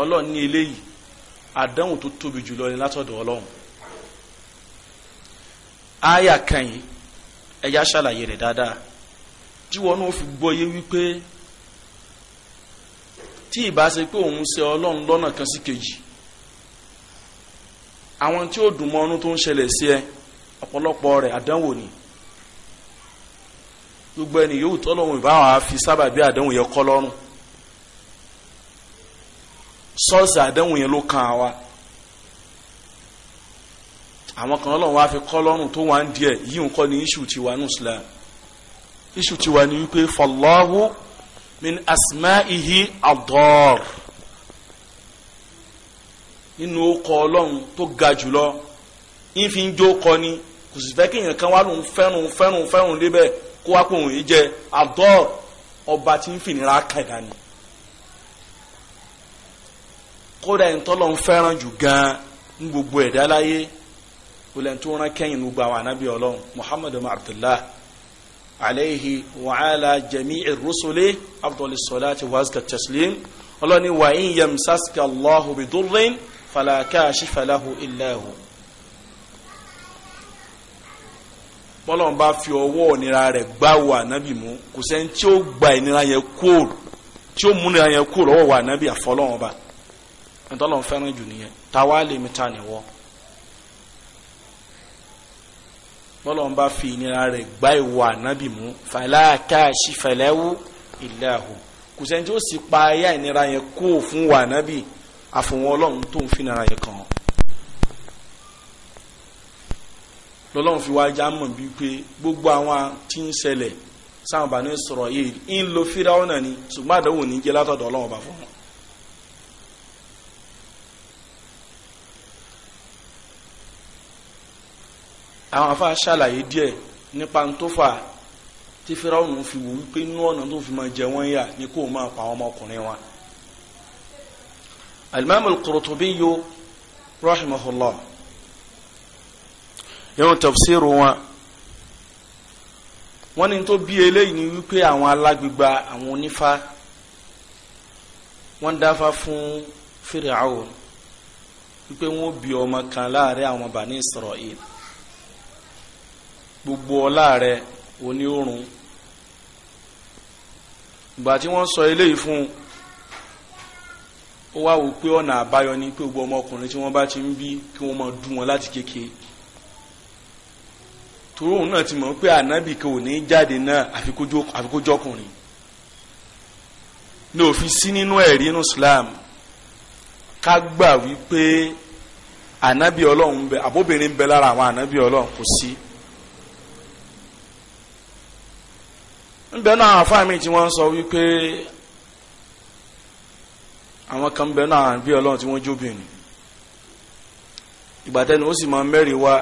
ọlọ́ọ̀ni eléyìí àdánwò tó tóbi jùlọ ni látọ̀dọ̀ ọlọ́run àyà kan yìí ẹ̀yà ṣàlàyé rẹ̀ dáadáa tí wọn náà fi gbọ́ yé wípé tí ìbá ṣe pé òun ṣe ọlọ́run lọ́nà kan sí kejì àwọn tí ó dùn mọ́ ọdún tó ń ṣẹlẹ̀ sí ẹ ọ̀pọ̀lọpọ̀ rẹ̀ àdánwò ni gbogbo ẹni yóò tọ́lọ́run ìbáwọn àfi sábàbí àdánwò yẹn kọ́ lọ́rùn sọ́ọ̀sì àdéhùn yẹn ló kàn wá àwọn kan ọlọ́run wá fi kọ́ lọ́rùn tó wà ń díẹ̀ yìí nǹkan ni iṣu ti wà ní islam iṣu ti wà ní wípé fallahu min asma'ihi adọ́r nínú ọkọ̀ ọlọ́run tó ga jùlọ yín fi ń jó kọ ni kò sì fẹ́ kí èèyàn kan wá lòun fẹ́ràn fẹ́ràn fẹ́ràn débẹ̀ kó wá pòun yìí jẹ adọ́r ọba tí ń fìnira kàdá kódà ẹni tọ́lọ́run fẹ́ràn jù gan ní gbogbo ẹ̀dá láyé olè tó rán kẹ́yìn ní gbogbo àwọn anábì ọlọ́run muhammadu abdullah alayhi wa ala jami'i rusuli afdal salati wa azka taslim ọlọ́ni wa in yamsaska allahu bi durrin fala kashifa lahu bá fi ọwọ́ ìnira rẹ̀ gbá wà nábì mú kò sẹ́ni tí ó gba ìnira yẹn kúrò tí ó mú ìnira yẹn kúrò lọ́wọ́ wà nábì àfọlọ́wọ́n bá ntọ́lọ̀ ń fẹ́ràn jù nìyẹn táwa lè mi ta nìwọ. bọ́lọ̀ ń bá fi ìnira rẹ̀ gbá ìwà nábì mú fàlàkàṣì fẹ̀lẹ́wù ìlẹ́hù kò sẹ́ni tí ó sì pa ayé ìnira yẹn kó fún wà nábì àfọwọ́n ọlọ́run tó ń fi ìnira yẹn kàn án. fi wá já mọ̀ bíi pé gbogbo àwọn tí ń ṣẹlẹ̀ sáwọn bá ní sọ̀rọ̀ yìí lo fíráwọ́nà ni ṣùgbọ́n àdánwò ní jẹ́ látọ̀dọ̀ ọlọ́run ọba fún wọn. àwọn afa ṣàlàyé díẹ̀ nípa tó fà tí Fíráúnù fi wò wípé inú ọ̀nà tó fi máa jẹ wọ́n yà ni kó máa pa àwọn ọmọkùnrin wọn. Al-Imam Al-Qurtubi rahimahullah yóò tafsiru wọn wọ́n ní tó bí eléyìí ni wípé àwọn alágbègbà àwọn onífá wọ́n dáfá fún Fíráúnù wípé wọ́n bí ọmọ kan láàrin àwọn Bani Isra'il gbogbo ọlá rẹ̀ oní oòrùn ìgbà tí wọ́n sọ eléyìí fún un ó wá wò pé ọ̀nà àbáyọ ni pé gbogbo ọmọkùnrin tí wọ́n bá ti ń bí kí wọ́n máa dú wọn láti kékeré torí òun náà ti mọ̀ pé ànábì kò ní jáde náà àfikójọkùnrin ní òfin sí nínú ẹ̀rí inú Islam ká gbà wípé ànábì ọlọ́run bẹ àbóbìnrin bẹ lára àwọn ànábì ọlọ́run kò sí. Si nbẹ náà àfáà mi tí wọ́n sọ wípé àwọn kan bẹ náà bí Ọlọ́run tí wọ́n jóbìnrin ìgbàtẹni ó sì máa mẹ́rin wá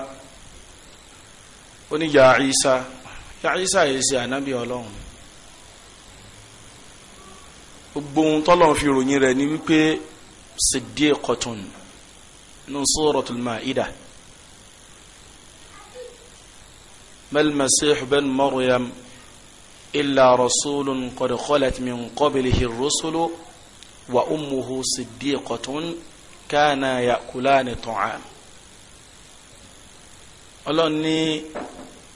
ó ní ya Isa ya Isa yìí ṣe ànábì Ọlọ́run gbogbo ohun tọ́lọ́run fi ròyìn rẹ̀ ni wípé siddiqatun nù Suratul Maida mal Masih bin Maryam. إلا رسول قد خلت من قبله الرسل وأمه صديقة كانا يأكلان طعام Ọlọ́run ní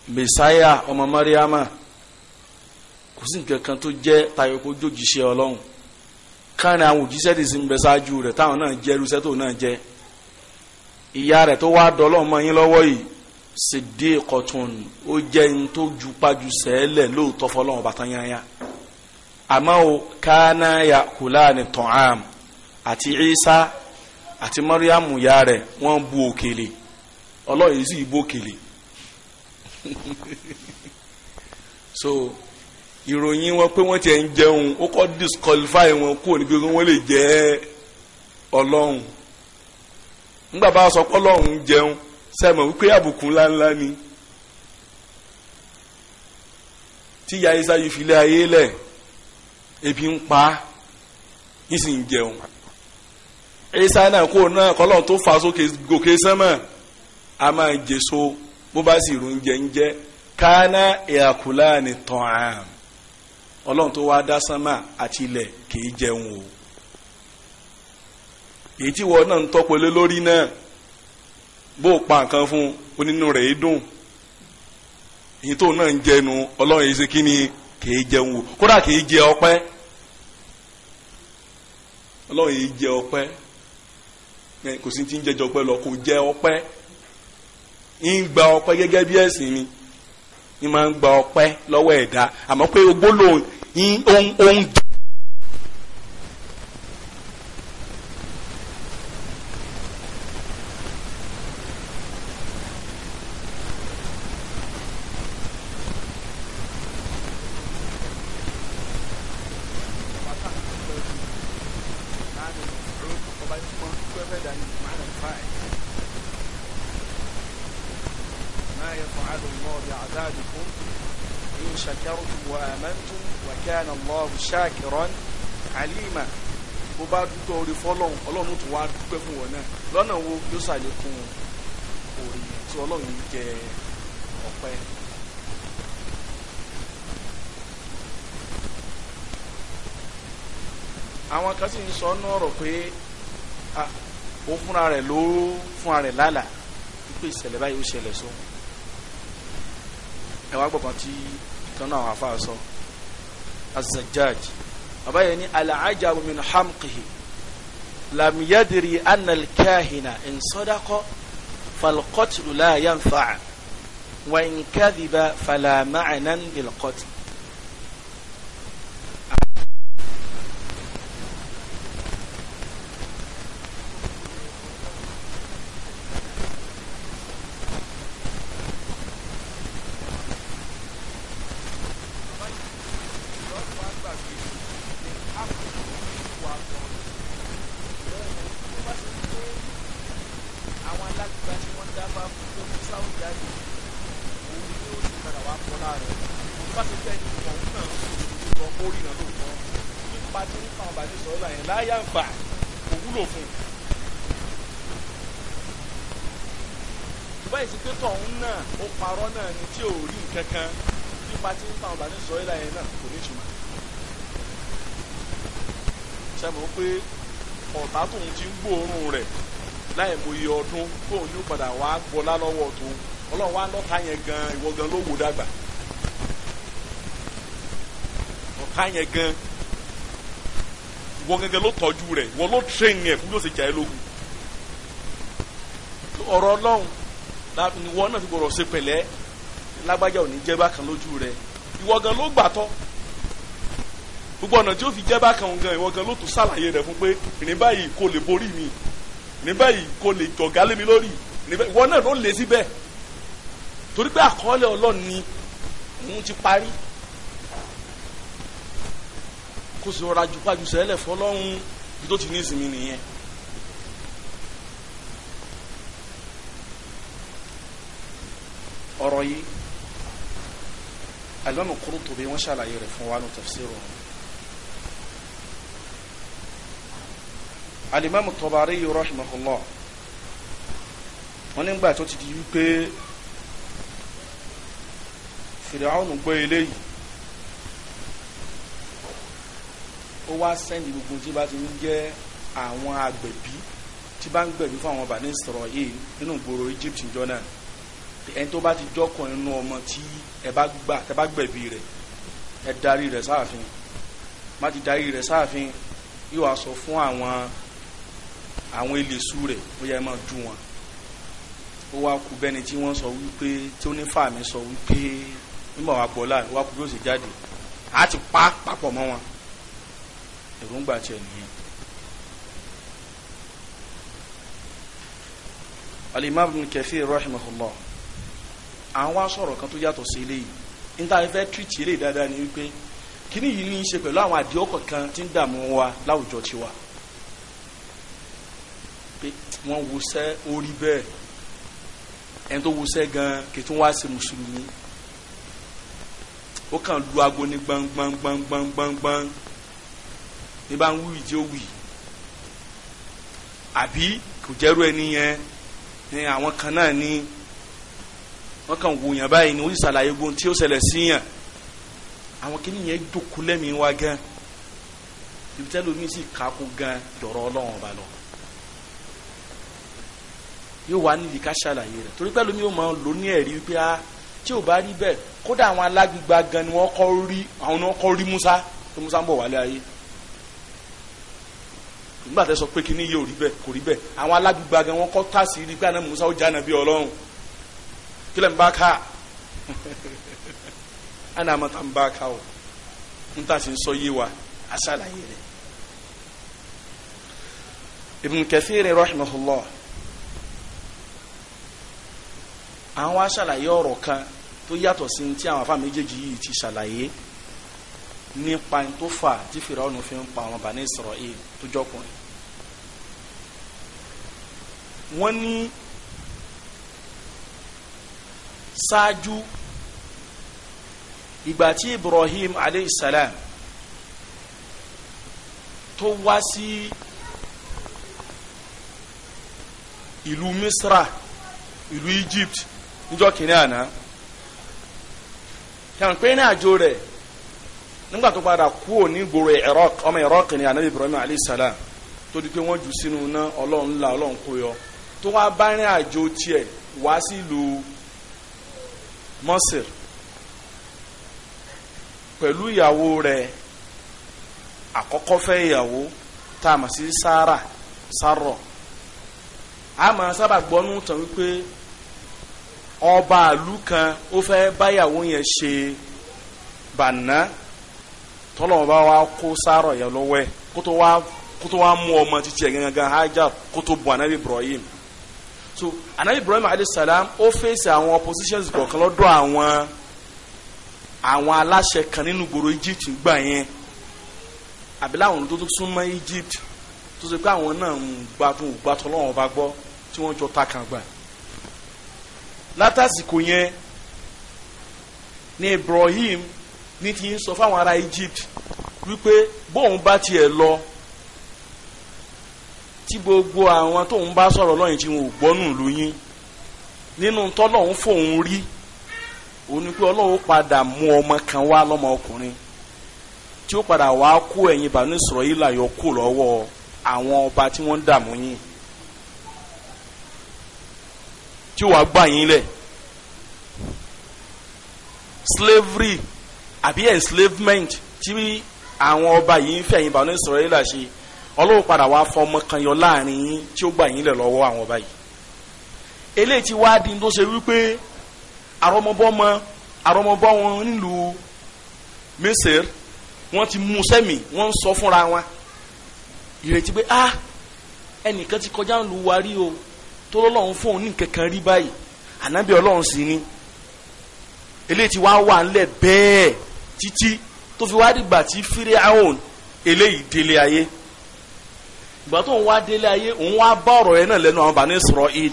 Mèsáyà ọmọ Mariama kò sí nǹkan kan tó jẹ́ tayọ kó jójìṣẹ́ Ọlọ́run káàrin àwọn òjíṣẹ́ ti sin bẹ ṣáájú rẹ̀ táwọn náà jẹ́ irúṣẹ́ tó náà jẹ́ ìyá rẹ̀ tó wá dọ́lọ́mọ yín lọ́wọ́ yìí Siddiqatun ó jẹ́ n tó ju paju sẹ́lẹ̀ lóòótọ́ fọlọ́n ọba tán yányá àmọ́ o kana yakulani ta'am àti Isa ati Mariamu ya rẹ̀ wọ́n bu òkèlè ọlọ́yìn sì bu òkèlè (laughs) so ìròyìn wọn pé wọ́n ti ń jẹun ó kọ́ disqualify wọn kúrò níbi wọ́n lè jẹ́ ọlọ́run nígbà bá a sọ pé ọlọ́run sẹ́mọ wípé àbùkù ńláńlá ni tí ìyá isa yìí lé ayé lẹ̀ ebi ń pa yìí sì ń jẹun isa náà kó náà tó fa sókè gòkè sẹ́mọ̀ a máa jèso bó bá sì rún jẹ́ńjẹ́ kánà ìyàkùlá ni tàn án ọlọ́run tó wá dá sánmà àti ilẹ̀ kì náà ń tọ́pọ̀ lé lórí náà. bó o pa nǹkan fún onínú rẹ̀ yìí dùn èyí tó náà ń jẹnu ọlọ́run yìí ṣe kí ni kìí jẹun wò kódà kìí jẹ ọpẹ́ ọlọ́run yìí jẹ ọpẹ́ kò sí ti ń jẹjọ lọ kò jẹ ọpẹ́ gba gẹ́gẹ́ bí ẹ̀sìn ni ń máa gba lọ́wọ́ ẹ̀dá àmọ́ pé ń ń fọlọ́hún ọlọ́run tó wá dúpẹ́ fún wọn náà lọ́nà wo yóò ṣàlékún orí tí ọlọ́run ń jẹ ọpẹ́. àwọn kan sì ń sọ ọ́nà ọ̀rọ̀ pé ó fúnra rẹ̀ ló fúnra rẹ̀ lálàá wípé ìṣẹ̀lẹ̀ báyìí ó ṣẹlẹ̀ sóhun ẹ wá gbọ̀ngàn tí ìkan náà àwọn afáà sọ azajaj bàbá yẹn ní alaajabu min hamqihi لم يدري أن الكاهن إن صدق فالقتل لا ينفع وإن كذب فلا معنى للقتل lọ́wọ́ náà ni tí ò rí nǹkan kan nípa tí ń fa ọ̀bà ní sọ ìlà yẹn náà kò ní ìtumọ̀ sẹ́mu pé ọ̀tá tóun ti ń gbóòórùn rẹ̀ láì mọ iye ọdún tóun ní padà wá gbọ́lá lọ́wọ́ tó ọlọ́run wá lọ́ta yẹn gan ìwọ gan ló wò dàgbà ọ̀tá yẹn gan ìwọ gangan ló tọ́jú rẹ̀ ìwọ ló tẹ̀yìn ẹ̀ fún yóò ṣe jà ẹ́ lógun ọ̀rọ̀ ọlọ́run wọn náà fi gbọ́dọ̀ ṣe pẹ̀lẹ́ lágbájá ò ní jẹ́ bákan lójú rẹ ìwọ gan ló gbàtọ́ gbogbo ọ̀nà tí ó fi jẹ́ bákan òun gan ìwọ gan ló tún ṣàlàyé rẹ fún pé ní báyìí kò lè borí mi ní báyìí kò lè jọ̀gá lé mi lórí ìwọ náà ló lè síbẹ̀ torí pé àkọọ́lẹ̀ ọlọ́run ni òun ti parí kó sì rọra jù pàjùsẹ̀ tó ti ní ìsinmi nìyẹn. yìí alimami Qurtubi wọ́n ṣàlàyé rẹ̀ fún wa ní tafsir wọn alimami Tabari yìí rahimahullah wọ́n nígbà tó ti di wípé Fir'aun gbọ́ eléyìí ó wá sẹ́ndì gbogbo tí bá ti ń jẹ́ àwọn agbẹ̀bí tí bá ń gbẹ̀bí fún àwọn bàní sọ̀rọ̀ yìí nínú ìgboro Egypt ìjọ náà ẹni tó bá ti jọkàn inú ọmọ tí ẹ bá gbà tẹ bá gbẹ̀bí rẹ̀ ẹ darí rẹ̀ sáàfin má ti darí rẹ̀ sáàfin yóò wá sọ fún àwọn àwọn eléṣu rẹ̀ bóyá ẹ máa ju wọn ó wá kú bẹ́ni tí wọ́n sọ wípé tí ó ní fàmí sọ wípé nígbà wà gbọ́ láàrin ó wá kú bí ó sì jáde á ti pa papọ̀ mọ́ wọn èròǹgbà tiẹ̀ nìyẹn. alimami Kathir rahimahullah àwọn wá sọ̀rọ̀ kan tó yàtọ̀ sí eléyìí níta fẹ́ tírìtì eléyìí dáadáa ni wípé kíní yìí ní í ṣe pẹ̀lú àwọn àdìọ́kọ̀ kan tí ń dààmú wa láwùjọ tiwa pé wọ́n wusẹ́ orí bẹ́ẹ̀ ẹni tó wusẹ́ gan kì tún wá sí mùsùlùmí ó kàn lu aago ní gbangbangbangbangbangban ní bá ń wí ìdí ó wì àbí kò jẹ́rú ẹni yẹn ni àwọn kan náà ní wọ́n kàn wò yàn báyìí ni wọ́n sì ṣàlàyé gbóhùn tí ó ṣẹlẹ̀ sí yàn àwọn kìíní yẹn dòkú lẹ́mìí wa gan ibi tẹ́lẹ̀ omi sì kákó gan dọ̀rọ̀ ọlọ́run ọba lọ yóò wá níbi ká ṣàlàyé rẹ̀ torí pẹ́lú mi yóò máa lò ní ẹ̀rí wípé a ah, tí ò bá rí bẹ́ẹ̀ kódà àwọn alágbègbè gan ni wọ́n kọ́ rí àwọn ni wọ́n kọ́ rí Musa tó Musa ń bọ̀ wálé ayé nígbà tẹ́ sọ pé kíní yóò rí bẹ́ẹ̀ kò rí bẹ́ẹ̀ àwọn alágbègbè gan wọ́n kọ́ tàṣí rí pé àná Musa ó jáná bí ọlọ́run kílẹ̀ ń bá ká (laughs) ana amata ń bá ká o n ta sì ń sọ yé wa a ṣàlàyé rẹ̀ Ibn Kathir rahimahullah àwọn wá ṣàlàyé ọ̀rọ̀ kan tó yàtọ̀ sí ti àwọn afá méjèèjì yìí ti ṣàlàyé nípa tó fà tí Fìràwọ̀n fi ń pa àwọn Bani Isra'il tó jọkùnrin wọ́n ní. ṣáájú ìgbà tí Ibrahim aleyhisselam tó wá sí ìlú Misra ìlú Egypt níjọ́ kìnìún àná kàǹpé ní àjò rẹ̀ nígbà tó padà kúrò ní eroq Iraq ọmọ Iraq ni anabi Ibrahim aleyhisselam tó di pé wọ́n jù sínú iná ọlọ́run ńlá ọlọ́run kó yọ tó wá bá rìn àjò mọ́sìr pẹ̀lú ìyàwó rẹ̀ àkọ́kọ́ fẹ́ ìyàwó tá a mọ̀ sí sára sárọ̀ a máa sábà gbọ́nú tán wípé ọba àlú kan ó fẹ́ báyàwó yẹn ṣe bàná tọ́lọ́mọba wa kó sárọ̀ yẹn wá mú ọmọ títí kó so anabi ibrahim alayhisalam ó fèsì àwọn oppositions kọ̀ọ̀kan lọ́dọ̀ àwọn àwọn aláṣẹ kan nínú gbòòrò egypt gbà yẹn àbí láwọn tó tó súnmọ́ egypt tó ṣe pé àwọn náà ń gbádùn ògbàtọ́ lọ́wọ́n bá gbọ́ tí wọ́n jọ takàn gbà látàsìkò yẹn ni ibrahim ní ti ń sọ fáwọn ará egypt wípé bóun bá tiẹ̀ lọ tí gbogbo àwọn tóun bá sọ̀rọ̀ lọ́yìn tí wọn ò gbọ́nù lóyún nínú tọ́lọ́hún fòun rí òun ni pé ọlọ́run padà mú ọmọ kan wá lọ́mọ ọkùnrin tí ó padà wá kó ẹ̀yin ìbànú sọ̀rọ̀ yìí làyọ̀ kó lọ́wọ́ àwọn ọba tí wọ́n ń dààmú yín tí wàá gbà yín lẹ̀ slavery àbí enslavement tí àwọn ọba yìí ń fẹ̀yìn ìbànú sọ̀rọ̀ yìí là ọlọ́run padà wá fọ ọmọ kan yọ láàrin yín tí ó gbà yín lẹ̀ lọ́wọ́ àwọn ọba yìí eléyìí ti wá di tó ṣe wípé àrọmọbọmọ àrọmọbọ wọn nílùú Mísírì wọ́n ti mú sẹ́mi wọ́n ń sọ fúnra wọn ìrètí pé ah ẹnìkan ti kọjá ń wa rí o tó lọ́lọ́run fún òun ní kankan rí báyìí ànábì ọlọ́run sì ni eléyìí ti wá wà ńlẹ̀ bẹ́ẹ̀ títí tó fi wá dìgbà tí fíríhàn eléyìí délé ayé ìgbà tó ń wá délé ayé òun wá bá ọ̀rọ̀ yẹn náà lẹ́nu àwọn Bani Israel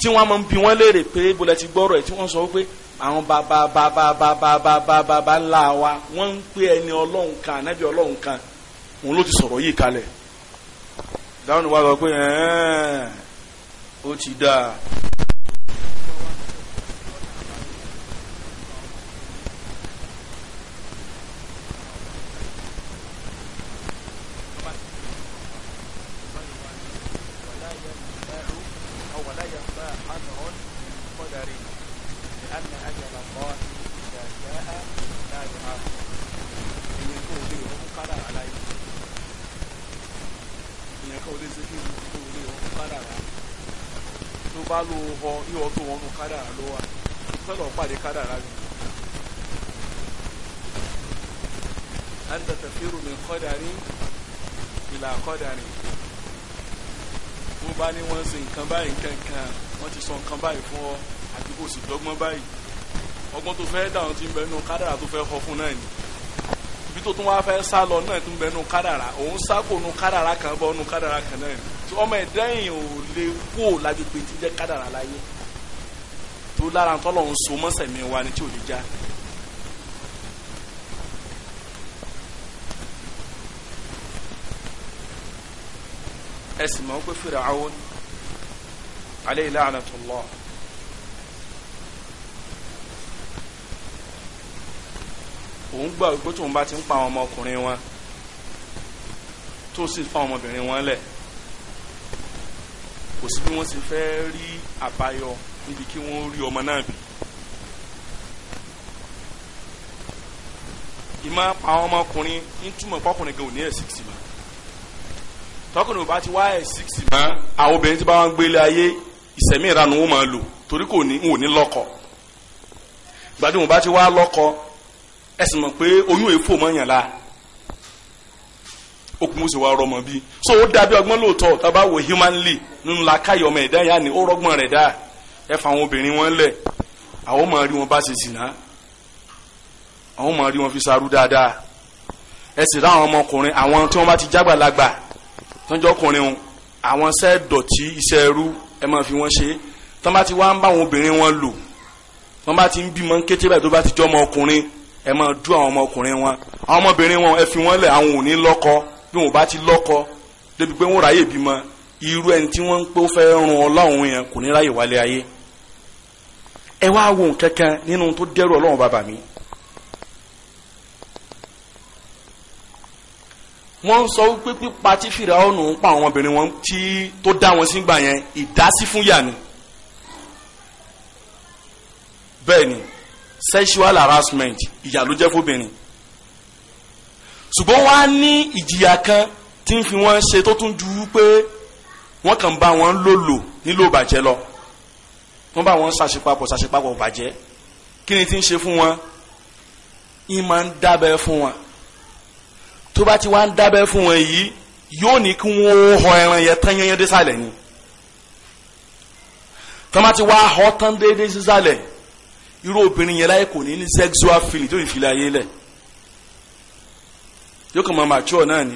tí wọ́n máa ń bi wọ́n léèrè pé bọ́lá ti gbọ́ ọ̀rọ̀ tí wọ́n sọ pé àwọn bàbá bàbá bàbá bàbá bàbá ńlá wa wọ́n ń pè ẹni ọlọ́run kan ànábì ọlọ́run kan òun ló ti sọ̀rọ̀ yìí kalẹ̀ dáhùn wá sọ pé ó ti dáa bá lò họ yóò tó wọnú kádàrà ló wà sọlọ pàdé kádàrà mi. anta tafiru min kọ́dàrí ìlà kọ́dàrí tó bá ní wọ́n ṣe nǹkan báyìí nǹkan kan wọ́n ti sọ nǹkan báyìí fún ọ àti kò sì dọ́gbọ́n báyìí ọgbọ́n tó fẹ́ dàrún ti ń bẹ nínú kádàrà tó fẹ́ họ fún náà ni ibi tó tún wá fẹ́ sá lọ náà ti ń bẹ nínú kádàrà òun sá kò nínú kádàrà kan bọ́ nínú kádàrà kan náà ni. ọmọ ẹ̀dá èèyàn ò lè kó lágbègbè tí jẹ́ kádàrà láyé tó lára wa ni tí ò lè já. ẹ sì mọ̀ pé Fir'aun òun ti ń pa àwọn ọmọkùnrin wọn tó sì fa ọmọbìnrin wọn lẹ̀ kò sí bí wọ́n ṣe fẹ́ rí àbáyọ níbi kí wọ́n rí ọmọ náà bí. ìmọ̀ àwọn ọmọkùnrin ń túmọ̀ pọ́kùnrin gan ò ní ẹ̀ síkìsì mọ́ tọkùnrin ò bá ti wá ẹ̀ síkìsì mọ́ àwọn obìnrin tí bá wọn gbélé ayé ìsẹ̀mí ìranu wọn máa lò torí kò ní wọn ní lọ́kọ gbàdí wọn bá ti wá lọ́kọ ẹ mọ̀ pé oyún èèfò mọ́ yàn la okùn ó sì wá rọmọ bí so ó dàbí ọgbọ́n lóòótọ́ tá a bá wò humanly nínú làákàyè ọmọ ẹ̀dá yá ni ó rọ́gbọ́n rẹ̀ dá ẹ fa àwọn obìnrin wọn lẹ̀ àwọn máa rí wọn bá ṣe sìnà àwọn máa rí wọn fi sarú dáadáa ẹ sì ráwọn ọmọkùnrin àwọn tí wọn bá ti jágbàlagbà tọ́jọ́ ọkùnrin wọn àwọn ṣẹ́ dọ̀tí iṣẹ́ ẹrú ẹ máa fi wọ́n ṣe tọ́n bá ti wá ń bá àwọn obìnrin wọn lò tọ́n bá ti ń bímọ kété báyìí tó bá ti jọ́ ọmọkùnrin ẹ máa dú àwọn ọmọkùnrin wọn àwọn ọmọbìnrin wọn ẹ fi wọn lẹ̀ àwọn ò ní bí wọn bá ti lọ́kọ débi pé wọn ráyè bímọ irú ẹni tí wọ́n ń pé ó fẹ́ run ọlọ́run yẹn kò ní ráyè wálé ayé ẹ wá wo nǹkan kan nínú tó dẹ́rù ọlọ́run bàbá mi wọ́n ń sọ wípé pípa tí fìràwọ́nù ń pa àwọn obìnrin wọn tí tó dá wọn sígbà yẹn ìdásí fún yà ni bẹ́ẹ̀ ni sexual harassment ìyà ló jẹ́ fóbìnrin ṣùgbọ́n wọ́n á ní ìjìyà kan tí ń fi wọ́n ṣe tó tún ju pé wọ́n kàn bá wọn lòlò nílò bàjẹ́ lọ wọ́n bá wọn ṣàṣepapọ̀ ṣàṣepapọ̀ bàjẹ́ kí ni ti ń ṣe fún wọn yín máa ń dábẹ́ fún wọn tó bá ti wá ń dábẹ́ fún wọn yìí yóò ní kí wọ́n ó họ ẹran yẹn tán yẹn dé ni tọ́mọ ti wá họ tán déédéé sísàlẹ̀ irú obìnrin yẹn láyé kò ní ní sexual feeling tó ìfìlẹ̀ ayé lẹ̀ yóò kàn máa mature náà ni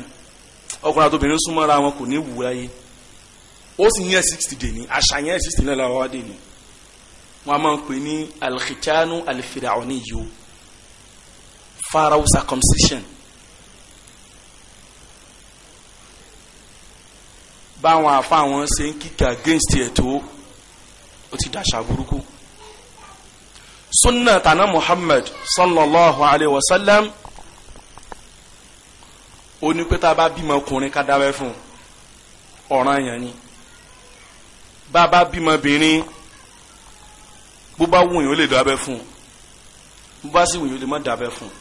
ọkùnrin àti obìnrin súnmọ́ra wọn kò ní wù láyé ó sì yẹn sixty dè ní àṣàyàn sixty náà làwọn wá dè ní wọn a máa ń pè ní alikitanu alifiraoni yìí pharaoh circumcision báwọn afáwọn ṣe ń kíkà against ẹ̀ tó ó ti dàṣà burúkú sunna tana muhammad sallallahu alayhi wa sallam ó ní pé tá a bá bímọ ọkùnrin ká fún ọ̀ràn yẹn ni bàbá bímọbìnrin bó bá wùn yín ó lè dábẹ́ fún un bó bá sì wùn yín ó lè má dábẹ́ fún un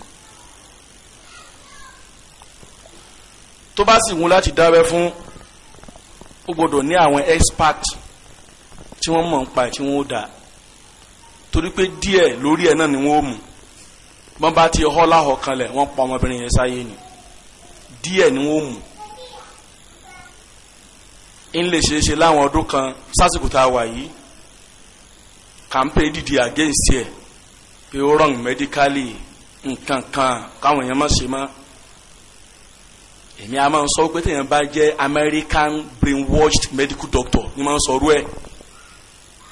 tó bá sì wùn láti dábẹ́ fún ó gbọ́dọ̀ ní àwọn expert tí wọ́n mọ̀ ń pa tí wọ́n ó dà torí pé díẹ̀ lórí ẹ̀ náà ni wọ́n ó mú bọ́n bá ti họ́ láhọ̀ kanlẹ̀ wọ́n pa ọmọbìnrin yẹn sáyé ni díẹ̀ ni wọ́n ó mú ń lè ṣeé ṣe láwọn ọdún kan sásìkò tá a wà yìí campaign dìde against ẹ pé ó rọrùn medically nǹkan kan káwọn èèyàn má ṣe mọ́ èmi a máa ń sọ pé téèyàn bá jẹ́ American brainwashed medical doctor ni máa ń sọrú ẹ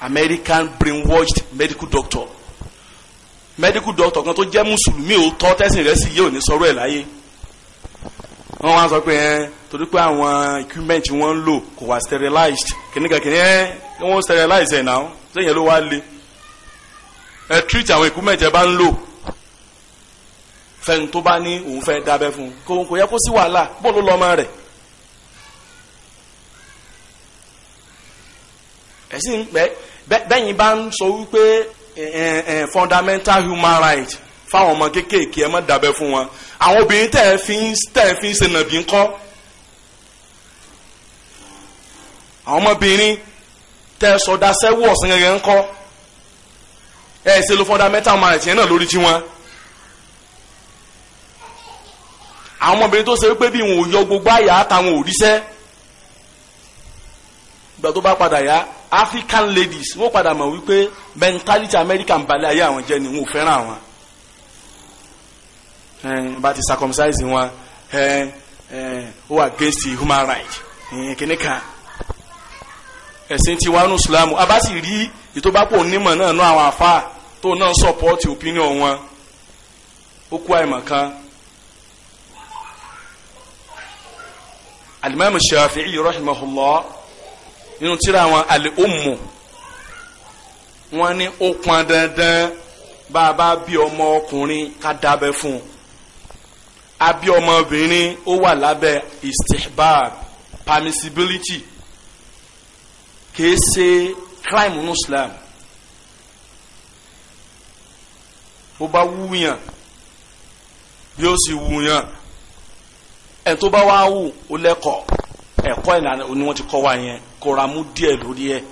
American brainwashed medical doctor medical doctor kan tó jẹ́ mùsùlùmí òótọ́ tẹ́sìn rẹ̀ sì yé òní sọrú ẹ̀ láyé. wọ́n wá sọ pé ẹ torí pé àwọn equipment wọ́n ń lò kò wá sterilized kìnnìkan ẹ wọ́n sterilize ẹ̀ náà sẹ́yìn ló wá le ẹ treat àwọn equipment ẹ bá ń lò fẹ́ni tó bá ní òun fẹ́ dábẹ́ fún un kò yẹ kó sí wàhálà bóòlù lọ́mọ rẹ̀ ẹ̀sìn pẹ́ bẹ́yìn bá ń sọ wípé fundamental human rights fáwọn ọmọ kéékèèké ẹ má dábẹ́ fún wọn àwọn obìnrin tẹ́ ẹ fi ń tẹ́ ẹ fi ń ṣe nàbí ńkọ́ àwọn ọmọbìnrin tẹ́ ẹ sọdá sẹ́wọ́ ọ̀sán gẹ́gẹ́ ńkọ́ ẹ ṣe ló fọ́dá mẹ́ta máa ẹ̀tì náà lórí tiwọn. àwọn ọmọbìnrin tó ṣe wípé bí wọn ò yọ gbogbo àyà àtàwọn òrìṣẹ́ ìgbà tó bá padà yá African ladies wọ́n padà mọ̀ wípé mentality American balẹ̀ ayé àwọn jẹ́ ni wọn ò fẹ́ràn àwọn. Eh, bá ti circumcise wọn eh, eh, ó wà against human rights kìnnì kan ẹ̀sìn tí wàá nù sùlámù a bá sì rí ìtòbápò onímọ̀ náà nú àwọn àfáà tó náà support opinion wọn ó kú àìmọ̀ kan alimami shafi'i rahimahullah nínú tírà àwọn al-ummu wọn ní ó pọn dandan bá a bá bí ọmọ ọkùnrin ká dábẹ́ fún un Abi ọmọbìnrin ó wà lábẹ́ istihbab permissibility kìí ṣe crime nínú Islam bó bá wúyàn bí ó sì wúyàn ẹ̀ tó bá wá wù ó lẹ́kọ̀ọ́ ẹ̀kọ́ ìlànà ni wọ́n ti kọ́ wa yẹn kó ra mú díẹ̀ lórí ẹ̀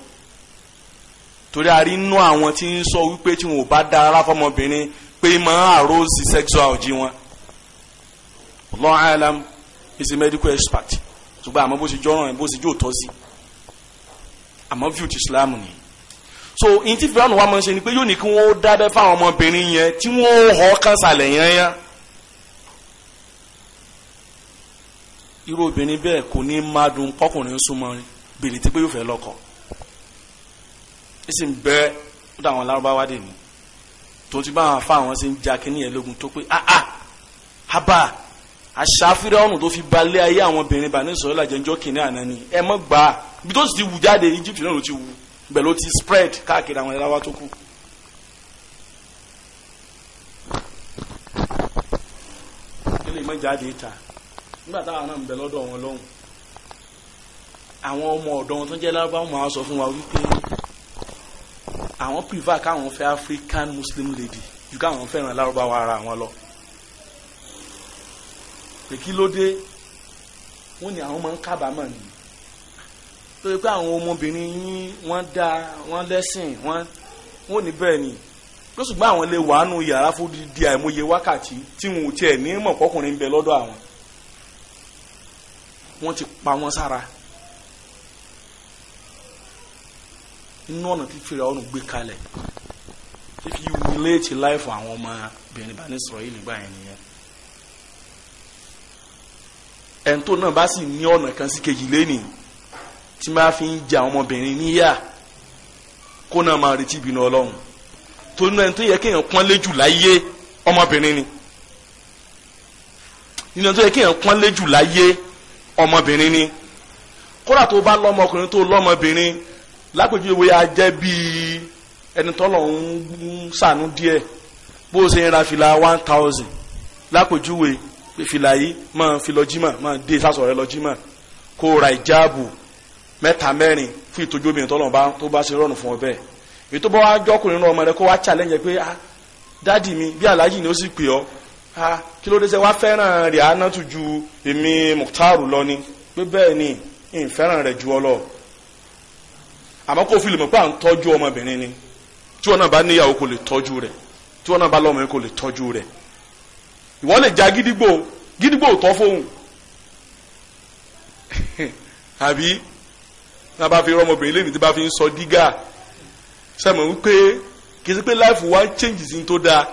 torí a inú àwọn tí ń sọ wípé tí wọn ò bá dára fọmọbìnrin pé máa àròsì sexual jí wọn Allahu alam is a medical expert ṣùgbọ́n àmọ́ bó ṣe jọ́ràn ẹ̀ bó ṣe jòótọ́ sí àmọ́ view ti Islam ni so in ti fìlànà wa máa ṣe ni pé yóò ní kí wọ́n dábẹ́ fáwọn ọmọbìnrin yẹn tí wọ́n họ kánṣàlẹ̀ yẹn yẹn irú obìnrin bẹ́ẹ̀ kò ní máa dùn kọkùnrin súnmọ́ bèrè tí pé yóò fẹ́ lọ́kọ ìsìn bẹ́ẹ̀ ó dà wọn lárúbáwá dè ní tó ti bá wọn fáwọn ṣe ń ja kínní ẹ̀ lógun tó pé ah ah haba àṣàfihàn ọ̀run tó fi balẹ̀ ayé àwọn obìnrin bá ní sọ̀rọ̀ làjẹjọ́ kìnní àná ni ẹ mọ̀ gbà á ibi tó sì ti wù jáde Egypt náà ló ti wù bẹ́ẹ̀ ló ti spread káàkiri àwọn ẹ̀rọ wa tó kù. ilé ìmọ̀ jáde ìta nígbà táwọn náà ń bẹ lọ́dọ̀ wọn lọ́hùn àwọn ọmọ ọ̀dọ́ wọn tó jẹ́ lárúbáwọn máa sọ fún wa wípé àwọn prefer káwọn fẹ́ African Muslim lady ju káwọn fẹ́ràn lárúbáwọn ara wọn lọ pé kí ló dé wọ́n ní àwọn máa ń kábàámọ̀ ni tó yẹ pé àwọn ọmọbìnrin yín wọ́n dá wọ́n lẹ́sìn wọ́n wọ́n ní bẹ́ẹ̀ ni ló ṣùgbọ́n àwọn lè wàánu yàrá fún di àìmọye wákàtí tí wọn ò tiẹ̀ ní mọ̀ kọkùnrin ń bẹ lọ́dọ̀ àwọn wọ́n ti pa wọ́n sára inú ọ̀nà tí fèrè ọ̀nà gbé kalẹ̀ fífi wíléètì láìfọ̀ àwọn ọmọ bìnrin bá ní sọ̀rọ̀ yìí nígbà yẹn nìyẹn ẹ̀ńtò náà bá sì ní ọ̀nà kan sí kejì lẹ́nì tí máa fi ń ja ọmọbìnrin níyà kó náà máa retí ìbínú ọlọ́run torí náà ẹni tó yẹ kéèyàn pọ́nlé jù láyé ọmọbìnrin ni nínú ẹni tó yẹ kéèyàn pọ́nlé jù láyé ọmọbìnrin ni kódà tó bá lọ́mọkùnrin tó lọ́mọbìnrin lápèjúwe a bíi ẹni ń sànú díẹ̀ bó o ṣe ń ra fìlà one thousand lápèjúwe pé fìlà yìí máa fi lọ jímọ̀ máa dé sásọ̀ rẹ lọ jímọ̀ kó ra ìjáàbù mẹ́ta mẹ́rin fún ìtọ́jú obìnrin tó lọ́nà tó bá ṣe rọrùn fún ọ bẹ́ẹ̀ èyí tó bá wá jọkùnrin kó wá challenge pé ah dádì mi bí alaji ni ó sì pè ọ́ ah kí ló dé sẹ́ wá fẹ́ràn rẹ̀ ju èmi muktaru lọ ni pé bẹ́ẹ̀ ni n fẹ́ràn rẹ̀ ju ọ lọ àmọ́ kó fìlìmọ̀ pé à ń tọ́jú ọmọbìnrin ni tí wọn náà bá níyàwó kò lè tọ́jú rẹ̀ tí wọn náà bá lọ́mọ yẹn kò lè tọ́jú rẹ̀ ìwọ lè ja gídígbò gídígbò tọ́ fóun (laughs) àbí náà bá fi rọmọbìnrin lẹ́nu tí bá fi ń sọ dígà sẹ́mi wípé kìí sí pé láìfù wá changes ní tó dáa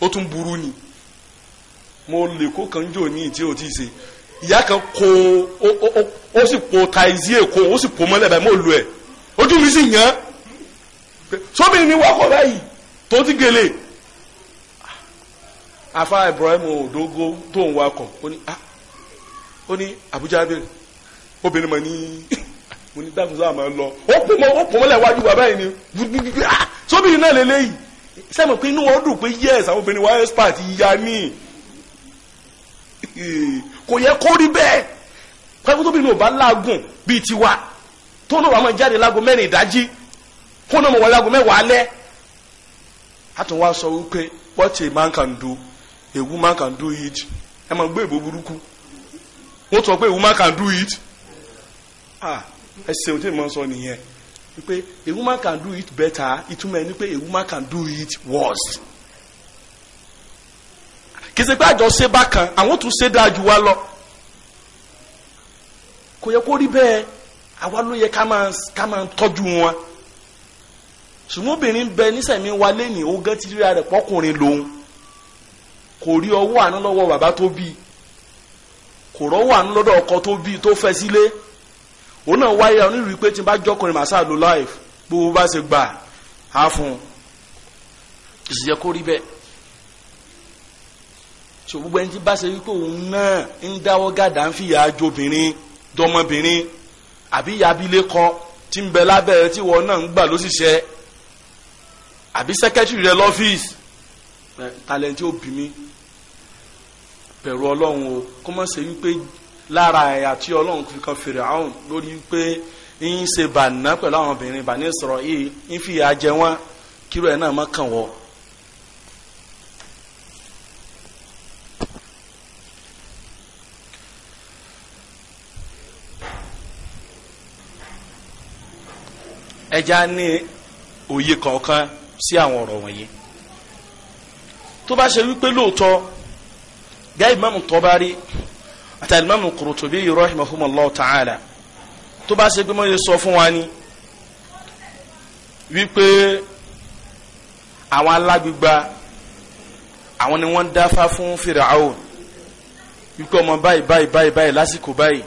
ó tún burú ni mo lè kó kan jò ní ìtí ò tí ì ṣe ìyá kan kó ó sì po taizi èkó ó sì po mọ́lẹ̀ báyìí mo lu ẹ̀ ojú mi sì yàn án sómi ni wọ́n kọ̀ báyìí tó ti gèlè afa Ibrahim Odogo tó ń wakọ̀ ó ní ah ó ní Abuja bẹ̀rẹ̀ obìnrin mọ̀ ní mo ní dákun sáà máa lọ ó kún mọ́ ó kún mọ́lẹ̀ wájú bàbá yìí ni ah! sóbìnrin náà lélẹ́yìí sẹ́mi pé inú wọn dùn pé yes àwọn obìnrin wa expert ya ní kò yẹ kó rí bẹ́ẹ̀ pẹ́kú tóbi ni ò bíi tiwa tó náà máa jáde láago mẹ́rin ìdájí kó náà wọlé láago mẹ́wàá alẹ́ àtúnwá sọ wípé what a man can do a woman can do it ẹ máa gbé ìbò burúkú wọ́n sọ pé a woman can do it ah ẹ ṣeun tí mo sọ nìyẹn wípé a woman can do it better ìtumọ̀ ẹ̀ ni pé a woman can do it worse kì í ṣe pé àjọ ṣe bákan àwọn tún ṣe dáa ju wa lọ kò yẹ kó rí bẹ́ẹ̀ àwa ló yẹ ká máa ká tọ́jú wọn ṣùgbọ́n obìnrin bẹ nísẹ̀mí wa lẹ́nìí ó gẹ́ rẹ̀ pọ́kùnrin lòun kò rí ọwọ́ àánú lọ́wọ́ bàbá tó bí kò rọ́wọ́ àánú lọ́dọ̀ ọkọ tó bí tó fẹ́ sílé òun náà wáyé onírúurú pé tí n bá jọkùnrin màá sáà lo life gbogbo bá ṣe gbà á fún un kì í yẹ kó rí bẹ́ẹ̀ so gbogbo ẹni tí bá ṣe wípé òun náà ń dáwọ́ gàdá ń fìyà jobìnrin dọmọbìnrin àbí yabilẹ́kọ tí ń bẹ lábẹ́ rẹ tí wọn náà ń gbà lóṣìṣẹ́ àbí sẹ́kẹ́tìrì rẹ lọ́fíìsì talẹ̀ tí ó bí mi bẹ̀rù ọlọ́run o kó má ṣe wípé lára ẹ̀yà tí ọlọ́run fi kan Fíráùn lórí wípé ń ṣe bàná pẹ̀lú àwọn obìnrin bàní sọ̀rọ̀ yìí ń fi ìyà jẹ wọ́n kíró ẹ̀ náà má kàn wọ́. ẹja ní òye kọ̀ọ̀kan sí àwọn ọ̀rọ̀ wọ̀nyí tó bá ṣe wípé lóòótọ́ gẹ́gẹ́ Imam Tabari àti Imam Qurtubi rahimahumullahu ta'ala tó bá ṣe pé wọ́n lè sọ fún wa ni wípé àwọn alágbègbà àwọn ni wọ́n dáfá fún Fir'aun wípé ọmọ báyìí báyìí báyìí báyìí lásìkò báyìí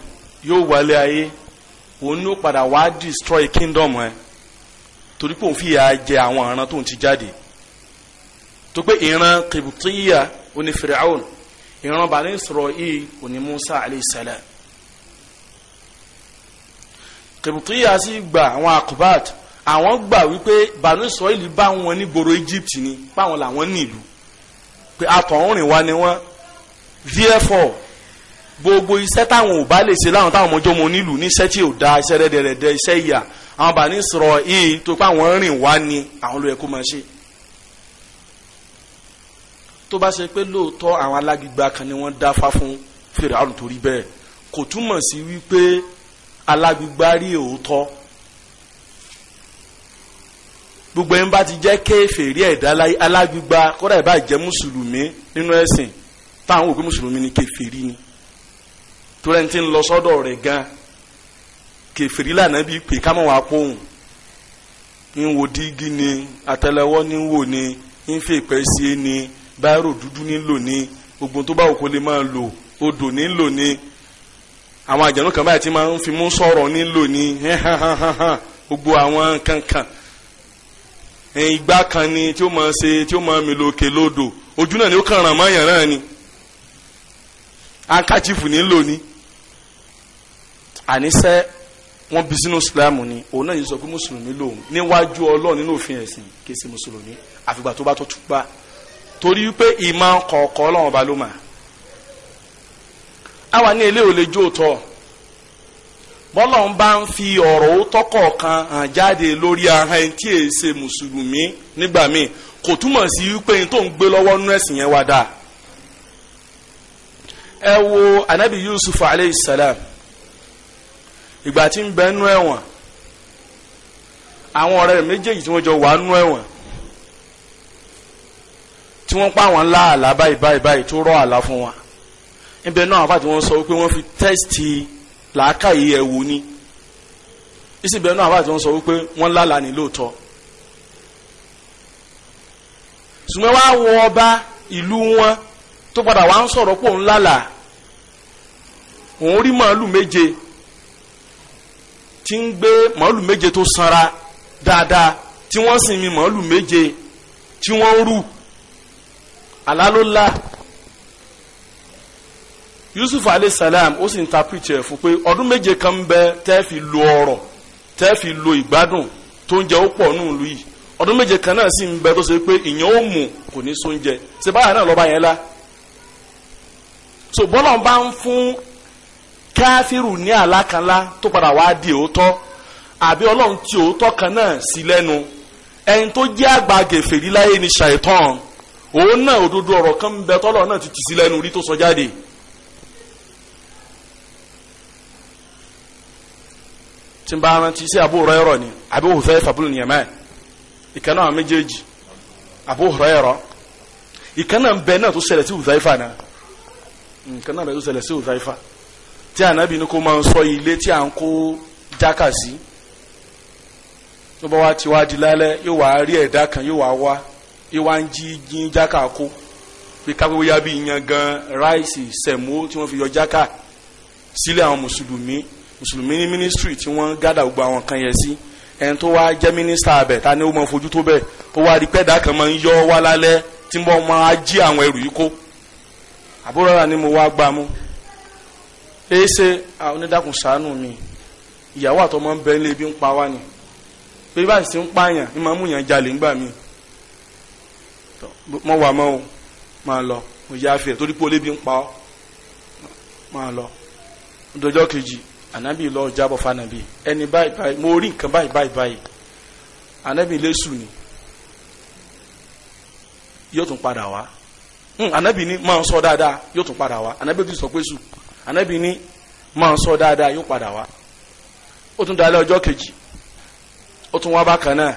yóò wálé ayé òun ló padà wá destroy kingdom ẹ torí pé òun fìyà jẹ àwọn ìran tó ń ti jáde tó pé ìran kìbùtìyà oní Fir'aun ìran Bani Isra'il òní Musa alayhi salam kìbùtìyà sì gba àwọn akubat àwọn gbà wípé Bani Isra'il bá wọn ní gbòòrò Egypt ni báwọn làwọn ní ìlú pé àtọ̀húnrìn wa ni wọ́n therefore gbogbo iṣẹ́ táwọn ò bá lè ṣe láwọn táwọn ọmọjọ́ mọ nílùú ní iṣẹ́ tí ò da iṣẹ́ rẹ̀dẹ̀rẹ̀dẹ̀ iṣẹ́ ìyà àwọn Bani Isra'il tó pé àwọn rìn wá ni àwọn ló kó máa ṣe tó bá ṣe pé lóòótọ́ àwọn alágbègbè kan ni wọ́n dáfá fún Fíráúnù torí bẹ́ẹ̀ kò túmọ̀ sí wípé alágbègbè rí òótọ́ gbogbo ẹni bá ti jẹ́ kéfèrí ẹ̀dá alágbègbè kódà ẹ̀ bá jẹ́ mùsùlùmí nínú ẹ̀sìn táwọn òbí mùsùlùmí ni kéfèrí ni torí ẹni tí ń lọ sọ́dọ̀ rẹ̀ gan kéfèrí lànà bíi pé ká mọ̀ wá pòun ń wo dígí ni àtẹ́lẹwọ́ ni ń wò ni ń fi sí ni báírò dúdú nílò ní gbogbo tó bá wò kó lè máa lò odò nílò ní àwọn àjẹnú kan báyìí ti máa ń fi mú sọ̀rọ̀ nílò ní gbogbo àwọn kankan ìgbà kan ni tí ó máa ṣe tí ó máa mi lòkè lódò ojú náà ni ó kàn ràn mọ́ yàn náà ni ankachifu nílò ní àníṣẹ́ wọ́n bí sínú islam ni òun náà yìí sọ pé mùsùlùmí lòun níwájú ọlọ́run nínú òfin ẹ̀sìn kì ṣe mùsùlùmí àfìgbà tó bá tó tún gbà torí wípé ìmọ̀ kọ̀ọ̀kọ̀ ọlọ́run ọba ló mà á wà ní ilé òlejò tọ̀ bọ́lọ́run bá ń fi ọ̀rọ̀ òótọ́ kọ̀ọ̀kan hàn jáde lórí ahọ́n ẹni tí èyí ṣe mùsùlùmí nígbà míì kò túmọ̀ sí wípé ẹni tó ń gbé lọ́wọ́ nú ẹ̀sìn yẹn wá dáa ẹ wo anabi yusuf alayhi salam ìgbà tí ń bẹ nú ẹ̀wọ̀n àwọn ọ̀rẹ́ méjèèjì tí wọ́n jọ wà nú ẹ̀wọ̀n tí wọ́n pa àwọn ńlá àlá báyìí báyìí báyìí tó rọ àlá fún wa níbẹ̀ náà àwọn àti wọn sọ wípé wọ́n fi tẹ́sítì làákàyè ẹ̀ wò ni ìsìnbẹ̀ náà àwọn àti wọn sọ wípé wọ́n lálàá ní lóòótọ́ ṣùgbọ́n wá wọ ọba ìlú wọn tó padà wá ń sọ̀rọ̀ pò ńlá là òun rí màálù méje tí ń gbé màálù méje tó sanra dáadáa tí wọ́n sì mi màálù méje tí wọ́n rú. alalola yusuf lá salam alayhisalam ó sì interpret ẹ̀ fún pé ọdún méje kan ń bẹ tẹ́ fi lo ọrọ̀ tẹ́ fi lo ìgbádùn tó ń jẹ ó pọ̀ nù ọdún méje kan náà sì ń bẹ tó ṣe pé ìyẹn ó mú kò ní sóúnjẹ ṣe báyà so bọ́lá bá ń fún káfíìrù ní tó padà wá di òótọ́ àbí kan náà sí lẹ́nu ẹni tó jẹ́ ni ṣàìtàn òun náà òdodo ọ̀rọ̀ kan bẹ tọ́lọ̀ náà ti lẹ́nu tó sọ jáde. tí n bá rántí sí Abu Hurairah ni Abu Hudhayfa bun Yaman ìkànnà àwọn méjèèjì Abu Hurairah ìkànnà ń bẹ náà tó ṣẹlẹ̀ sí Hudhayfa náà ìkànnà rẹ̀ tó ṣẹlẹ̀ sí ifá. tí ànábì ni kò máa ń sọ ilé tí à ń kó sí tó bá ti wá di lálẹ́ yóò wá rí ẹ̀dá ìwà ń jí jí jáka kó pé kápẹ́ bóyá bí ìyan gan ráìsì sẹ̀mó tí wọ́n fi yọ jáka sílẹ̀ àwọn mùsùlùmí mùsùlùmí ní mínísítírì tí wọ́n gádà gbogbo àwọn kan yẹn sí ẹni tó wá jẹ́ mínísítà abẹ ta ni ó mọ fojú tó bẹ́ẹ̀ ó wá rí pẹ́ẹ́dà kan máa ń yọ wá lálẹ́ tí mo máa jí àwọn ẹrù yìí kó àbúrò rà ni mo wá gbá mú ése onídàkùn ṣàánú mi ìyàwó àtọmọ ń bẹ ilé ibi ń pa wá ni pé báyìí ti ń pààyàn ni màá mú yàn jalè ńgbà mi mọ wà mọ o máa lọ mo yá fẹ torí pé olébi ń pa ọ máa lọ dọjọ́ kejì ànábì lọ jábọ̀ fànàbì ẹni báyìí báyìí mo rí nǹkan báyìí báyìí báyìí ànábì lẹ́sù ni yóò tún padà wá hmm, ànábì ni máa ń sọ dáadáa yóò tún padà wá ànábì tún sọ pé sù ànábì ni máa ń sọ dáadáa yóò padà wá ó tún dalẹ̀ ọjọ́ kejì ó tún wá bákan náà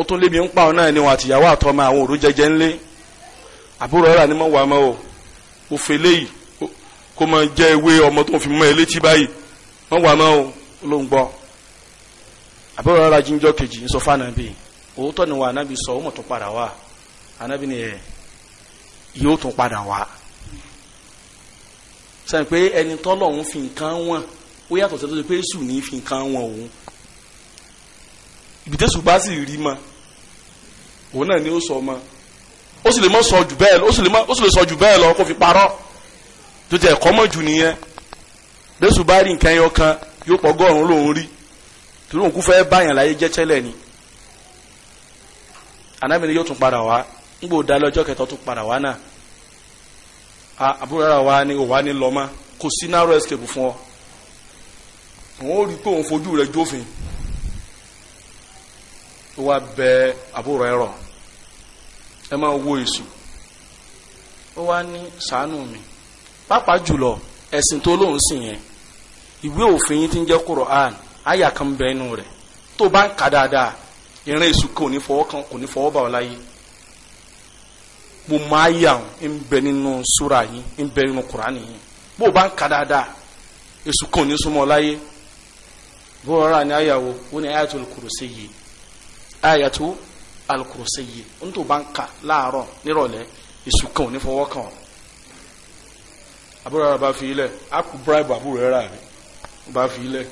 ó tún lébi ń pa ọ náà ni wọn àtìyàwó àtọmọ àwọn òru jẹjẹ ńlé àbúrò ọ̀rà ni mo wà mọ́ o ó fẹ́ léyìí kó máa jẹ́ ewé ọmọ tó ń fi mọ́ ẹ létí báyìí mo wà mọ́ o ló ń gbọ́ àbúrò ọ̀rà jíjọ́ kejì ń sọ fún ànábì òótọ́ ni wà ànábì sọ ó mọ̀ tó padà wá ànábì ni ẹ̀ yóò tún padà wá sẹ́yìn pé ẹni tọ́lọ̀ ń fi nǹkan wọ̀n ó yàtọ̀ sẹ́tọ́ sí pé èṣù ní fi nǹkan wọ̀n òun ibi tẹ́sù bá sì rí mọ́ òun náà ni ó sọ mọ́ ó sì lè mọ́ sọ jù bẹ́ẹ̀ lọ ó sì lè sọ jù bẹ́ẹ̀ lọ kó fi parọ́ tó jẹ́ ẹ̀kọ́ mọ̀ jù nìyẹn tẹ́sù bá rí nǹkan ẹyọ kan yóò pọ̀ gọ́ọ̀rún lòún rí torí òun kú fẹ́ báyàn láyé jẹ́ tẹ́lẹ̀ ni anábìrin yóò tún padà wá ngbò dalẹ ọjọ́ kẹtọ tún padà wá náà àbúrò rárá wa ni òwa ni lọ́mọ kò sí náírà escape fún ọ òun ó rí i pé òun fojú rẹ̀ jófin wa wá bẹ àbúrò ẹ ma wo esu ní sàánù mi papa jùlọ ẹ̀sìn tó lóun sìn yẹn ìwé òfin yìí ti ń jẹ́ Qur'an aya kan bẹ inú rẹ̀ tó bá ń kà dáadáa ìran èṣù kò ní fọwọ́ kan kò ní fọwọ́ bá mo máa yà ń nínú yìí ń ayatu alukurusẹ́yì ń ba bá ń kà láàárọ̀ nírọ̀lẹ́ èṣù kan ní fọwọ́ kàn bá fi ilẹ̀ bá fi ilẹ̀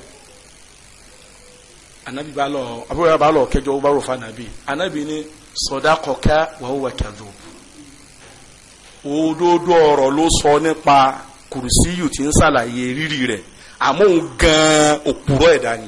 anabi ba lọ àbúrò rẹ̀ wa anabi anabi ní sọdákọ̀ká wàhùwà kẹdùn òdodo ọ̀rọ̀ ló sọ nípa gan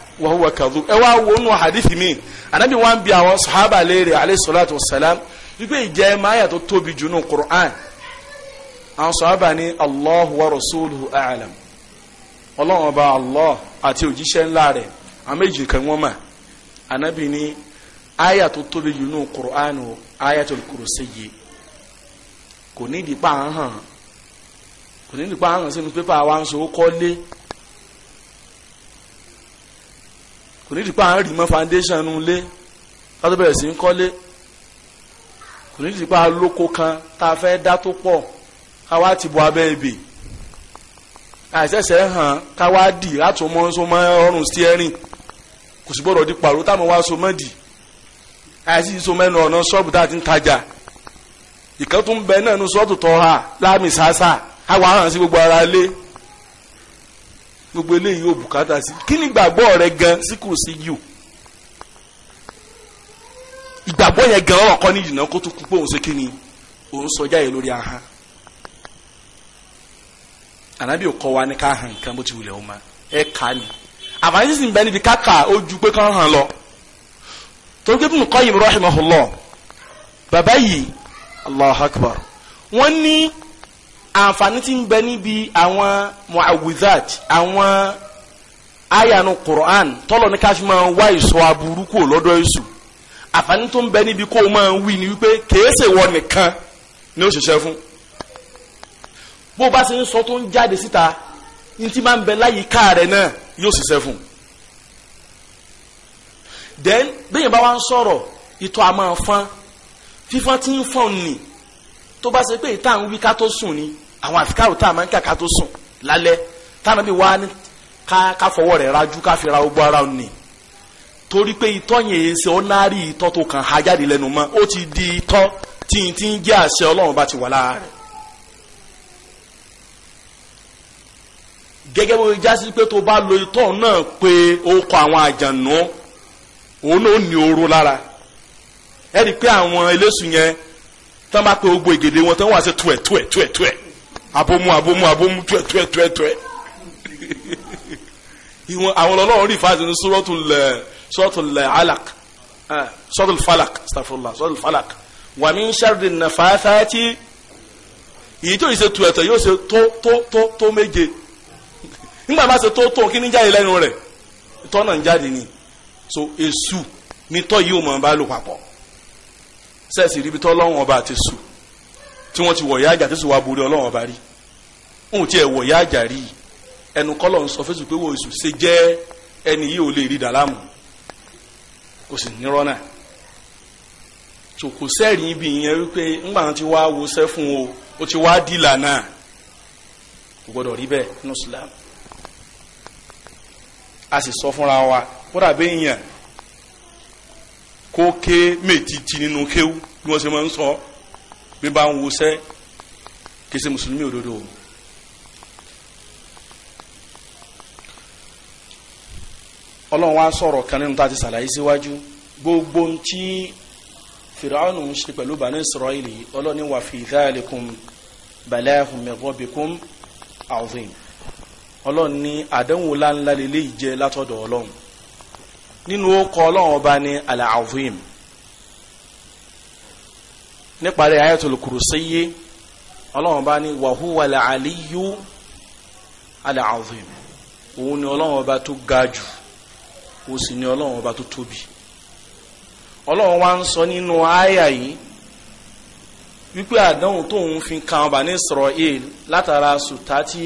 wa huwa kadhub ẹ wá wo nù hadithi mi anabi wọn bi àwọn sahaba léèrè alayhi salatu wa salam wípé ìjẹ́ máyà tó tóbi jù nù qur'an àwọn sahaba ni allahu wa rasuluhu a'lam ọlọ́run ọba allah àti òjíṣẹ́ ńlá rẹ̀ àmọ́ kan wọ́n mà anabi ni aya tó tóbi jù qur'an o ayatul kursiyi kò ní ìdí pa àhàn kò ní ìdí pa àhàn sínú pépà wa ń so kọ́ kò ní dìpá à ń rì foundation nu lé ká tó bẹ̀rẹ̀ sí ń kọ́lé kò ní dìpá lóko kan tá a fẹ́ dá tó pọ̀ ká wá ti bọ abẹ́ ibè àìsẹ̀sẹ̀ hàn ká wá dì láti mọ́ so mọ́ ọrùn steering kò sì gbọ́dọ̀ di pàrọ̀ táwọn wá so mọ́ dì àìsí so mẹ́nu ọ̀nà ṣọ́ọ̀bù tá a ti ń tajà ìkan tó náà nu sọ́ọ̀tù tọ́ ha láàmì sáásá á wà hàn sí gbogbo ara lé gbogbo eléyìí yóò bùkátà sí kí ni ìgbàgbọ́ rẹ gan sí kò sí yù ìgbàgbọ́ yẹn gan ọ̀rọ̀ kọ́ ní ìdìnnà kó tó kú pé òun ṣe kí ni òun sọ jáde lórí ahọ́n ànábì ò kọ́ wa ní ká nǹkan bó ti wulẹ̀ o ma ẹ kà ni àmàlẹ́ sísìn bẹ́ẹ̀ níbi káka ó pé kán hàn lọ tó gbé Ibn Qayyim rahimahullah bàbá yìí Allahu akbar wọ́n ní àǹfààní tí ń bẹ níbi àwọn muawizat àwọn ayanu Qur'an tọ́lọ̀ ní káfí máa wá ìsọ aburú kò lọ́dọ̀ èṣù àǹfààní tó ń bẹ níbi kó máa ń wí ni wípé kèése wọ nìkan ni ó ṣiṣẹ́ fún bó bá ṣe ń sọ tó ń jáde síta ní ti máa ń bẹ láyìíká rẹ̀ náà yóò ṣiṣẹ́ fún then bẹ́ẹ̀ bá wá ń sọ̀rọ̀ ìtọ́ a máa fọ́n fífọ́n tí ń fọ́n nì tó bá ṣe pé ìta ń wí ká tó sùn ni àwọn àtikáàrò tá a máa ń kàkà tó sùn lálẹ́ táwọn bí wá ká fọwọ́ rẹ̀ rájú ká fi ra gbogbo ara nì torí pé itọ́ yẹn ń ṣe ọ́nárì itọ́ tó kàn á jáde lẹ́nu mọ́ ó ti di itọ́ tí n ti ń jẹ́ àṣẹ ọlọ́run bá ti wà lára rẹ̀ gẹ́gẹ́ bó jásí pé tó bá lo itọ́ náà pé ó kọ àwọn àjànú òun náà ní oró lára ẹ rí i pé àwọn eléṣù yẹn tán bá pe gbogbo ìgèdè wọn tán wà sí tuẹ̀ tuẹ̀ tuẹ̀ tuẹ̀ abomu abomu abomu tuẹ tuẹ tuẹ tuẹ (laughs) ìwọn àwọn ọlọ́run rí ìfàsí ní suratul eh, suratul eh, alaq eh, suratul falak, astaghfirullah suratul falak. wa min sharri nafathati èyí tó yìí ṣe tu ẹ̀tọ̀ yóò ṣe tó tó tó tó méje (laughs) nígbà máa ṣe tó tó kí ní jáde lẹ́nu rẹ̀ tọ́nà ń jáde ni so èṣù ní tọ́ yìí ò mọ̀ bá lò papọ̀ sẹ́ẹ̀sì ríbi tọ́ lọ́wọ́n ọba àti sùn tí wọ́n ti wọ̀ ìyá àjà tó sì wá borí ọlọ́run ọba rí òun tiẹ̀ wọ̀ ìyá rí ẹnu kọ́lọ̀ ń sọ fẹ́sùn pé wọ́n èsù ṣe jẹ́ ẹni yìí ò lè rí dàlámù kò sì ní rọ́nà tò kò sẹ́ẹ̀rì ibi yẹn wípé ńgbà tí wàá wọṣẹ́ fún o ó ti wá dìlà náà kò gbọ́dọ̀ rí bẹ́ẹ̀ nínú Islam a sì sọ fúnra wa kódà bẹ́ẹ̀ yẹn kó ké méjì ti nínú kéwú bí wọ́n ṣe máa ń sọ ọ́ bí bá ń wusẹ́ kì í ṣe mùsùlùmí òdodo o. ọlọ́run wá sọ̀rọ̀ kan nínú tá a ti ṣàlàyé síwájú gbogbo tí fìràánù ń ṣe pẹ̀lú bani israẹli ọlọ́run ní wà fi dhalikum balahum min rabbikum azim ọlọ́run ní àdánwò láńlá lélẹ́yìí jẹ́ látọ̀dọ̀ ọlọ́run nínú ó kọ ọlọ́run ọba ní al-azim níparí ayatul kursiyyi ọlọ́run bá ní wàhúwà làálíyú aláàzìm òun ni ọlọ́run ọba tó ga jù ó sì ni ọlọ́run ọba tó tóbi ọlọ́run wá ń sọ nínú àyà yìí wípé àdánwò tóun fi kan ọba ní Israel látara sùtá tí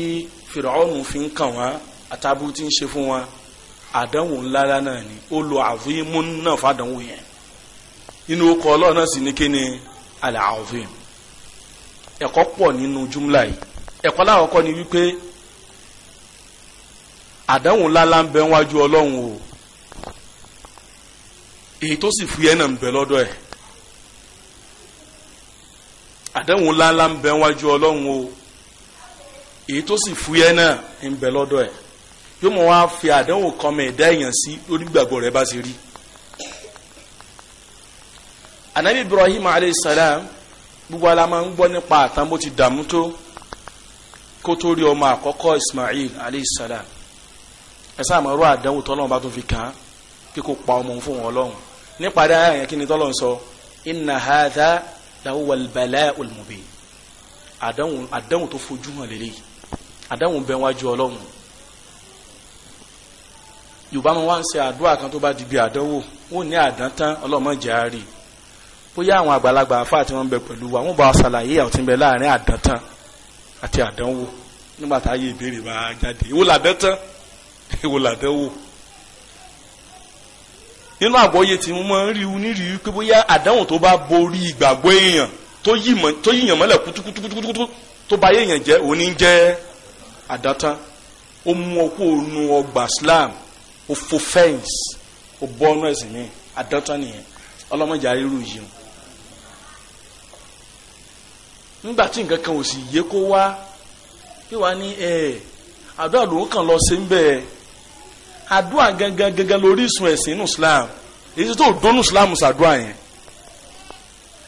fìrọ́ọ̀nù fi ń kàn wọ́n àtàbù tí ń ṣe fún wọn àdánwò ńláńlá náà ni ó lo àzìmú náà fàdánwò yẹn nínú ọkọ̀ ọlọ́run náà sì ní kíni al-azim ẹ̀kọ́ pọ̀ nínú jumla yìí ẹ̀kọ́ láwọ̀kọ́ ni wípé àdánwò ńláńlá ń bẹ wájú ọlọ́run o èyí tó sì fúyẹ́ náà ń bẹ lọ́dọ̀ ẹ̀ àdánwò ńláńlá ń bẹ wájú ọlọ́run o èyí tó sì fúyẹ́ náà ń bẹ lọ́dọ̀ ẹ̀ yóò mọ̀ wá fi àdánwò kan mẹ́ẹ̀ẹ́dá èèyàn sí onígbàgbọ́ rẹ̀ bá ṣe rí anabi ibrahim aleyhisselam gbogbo ala máa ń gbọ́ nípa àtàn bó ti dààmú tó kó tó rí ọmọ àkọ́kọ́ ismail aleyhisselam ẹ̀sán àmọ́ ọ̀rọ̀ àdánwò tọ́lọ́run bá tó fi kàn án kí kò pa ọmọ fún wọn ọlọ́run nípa dáhà yẹn kí ni tọ́lọ́run sọ inna hadha lahuwal bala'ul mubin àdánwò àdánwò tó fojú hàn lélẹ́yìí àdánwò bẹ́ẹ̀ wájú ọlọ́run yorùbá máa wá ń ṣe àdúrà kan tó bá di bí àdánwò wọn ò ní àdántán ọlọ́mọ jẹ́ àárín bóyá àwọn àgbàlagbà àfa àti wọn bẹ pẹ̀lú wa wọn bá ṣàlàyé àwọn tí ń bẹ láàrin àdántán àti àdánwò nígbà tá a yé ìbéèrè bá jáde ìwò làdántán ìwò làdánwò nínú àgbọ́yé tí mo máa ń rí u nírìí wípé bóyá àdánwò tó bá borí ìgbàgbọ́ èèyàn tó yíyàn mọ́lẹ̀ kútukútukútukú tó bá yéèyàn jẹ́ òní jẹ́ àdántán ó mú ọkọ ònu ọgbà Islam ó fò fẹ́ǹsì ó bọ́ ọ́nà ẹ̀sìn mi àdántán nìyẹn ọlọ́mọdé ayélu nígbà tí nǹkan kan ò sì yé kó wá pé wàá ní ẹ àdúrà lòun kàn lọ sí bẹ́ẹ̀ àdúrà gangan gangan lórí ìsun ẹ̀sìn inú Islam èyí tó dúnú Islam ṣàdúrà yẹn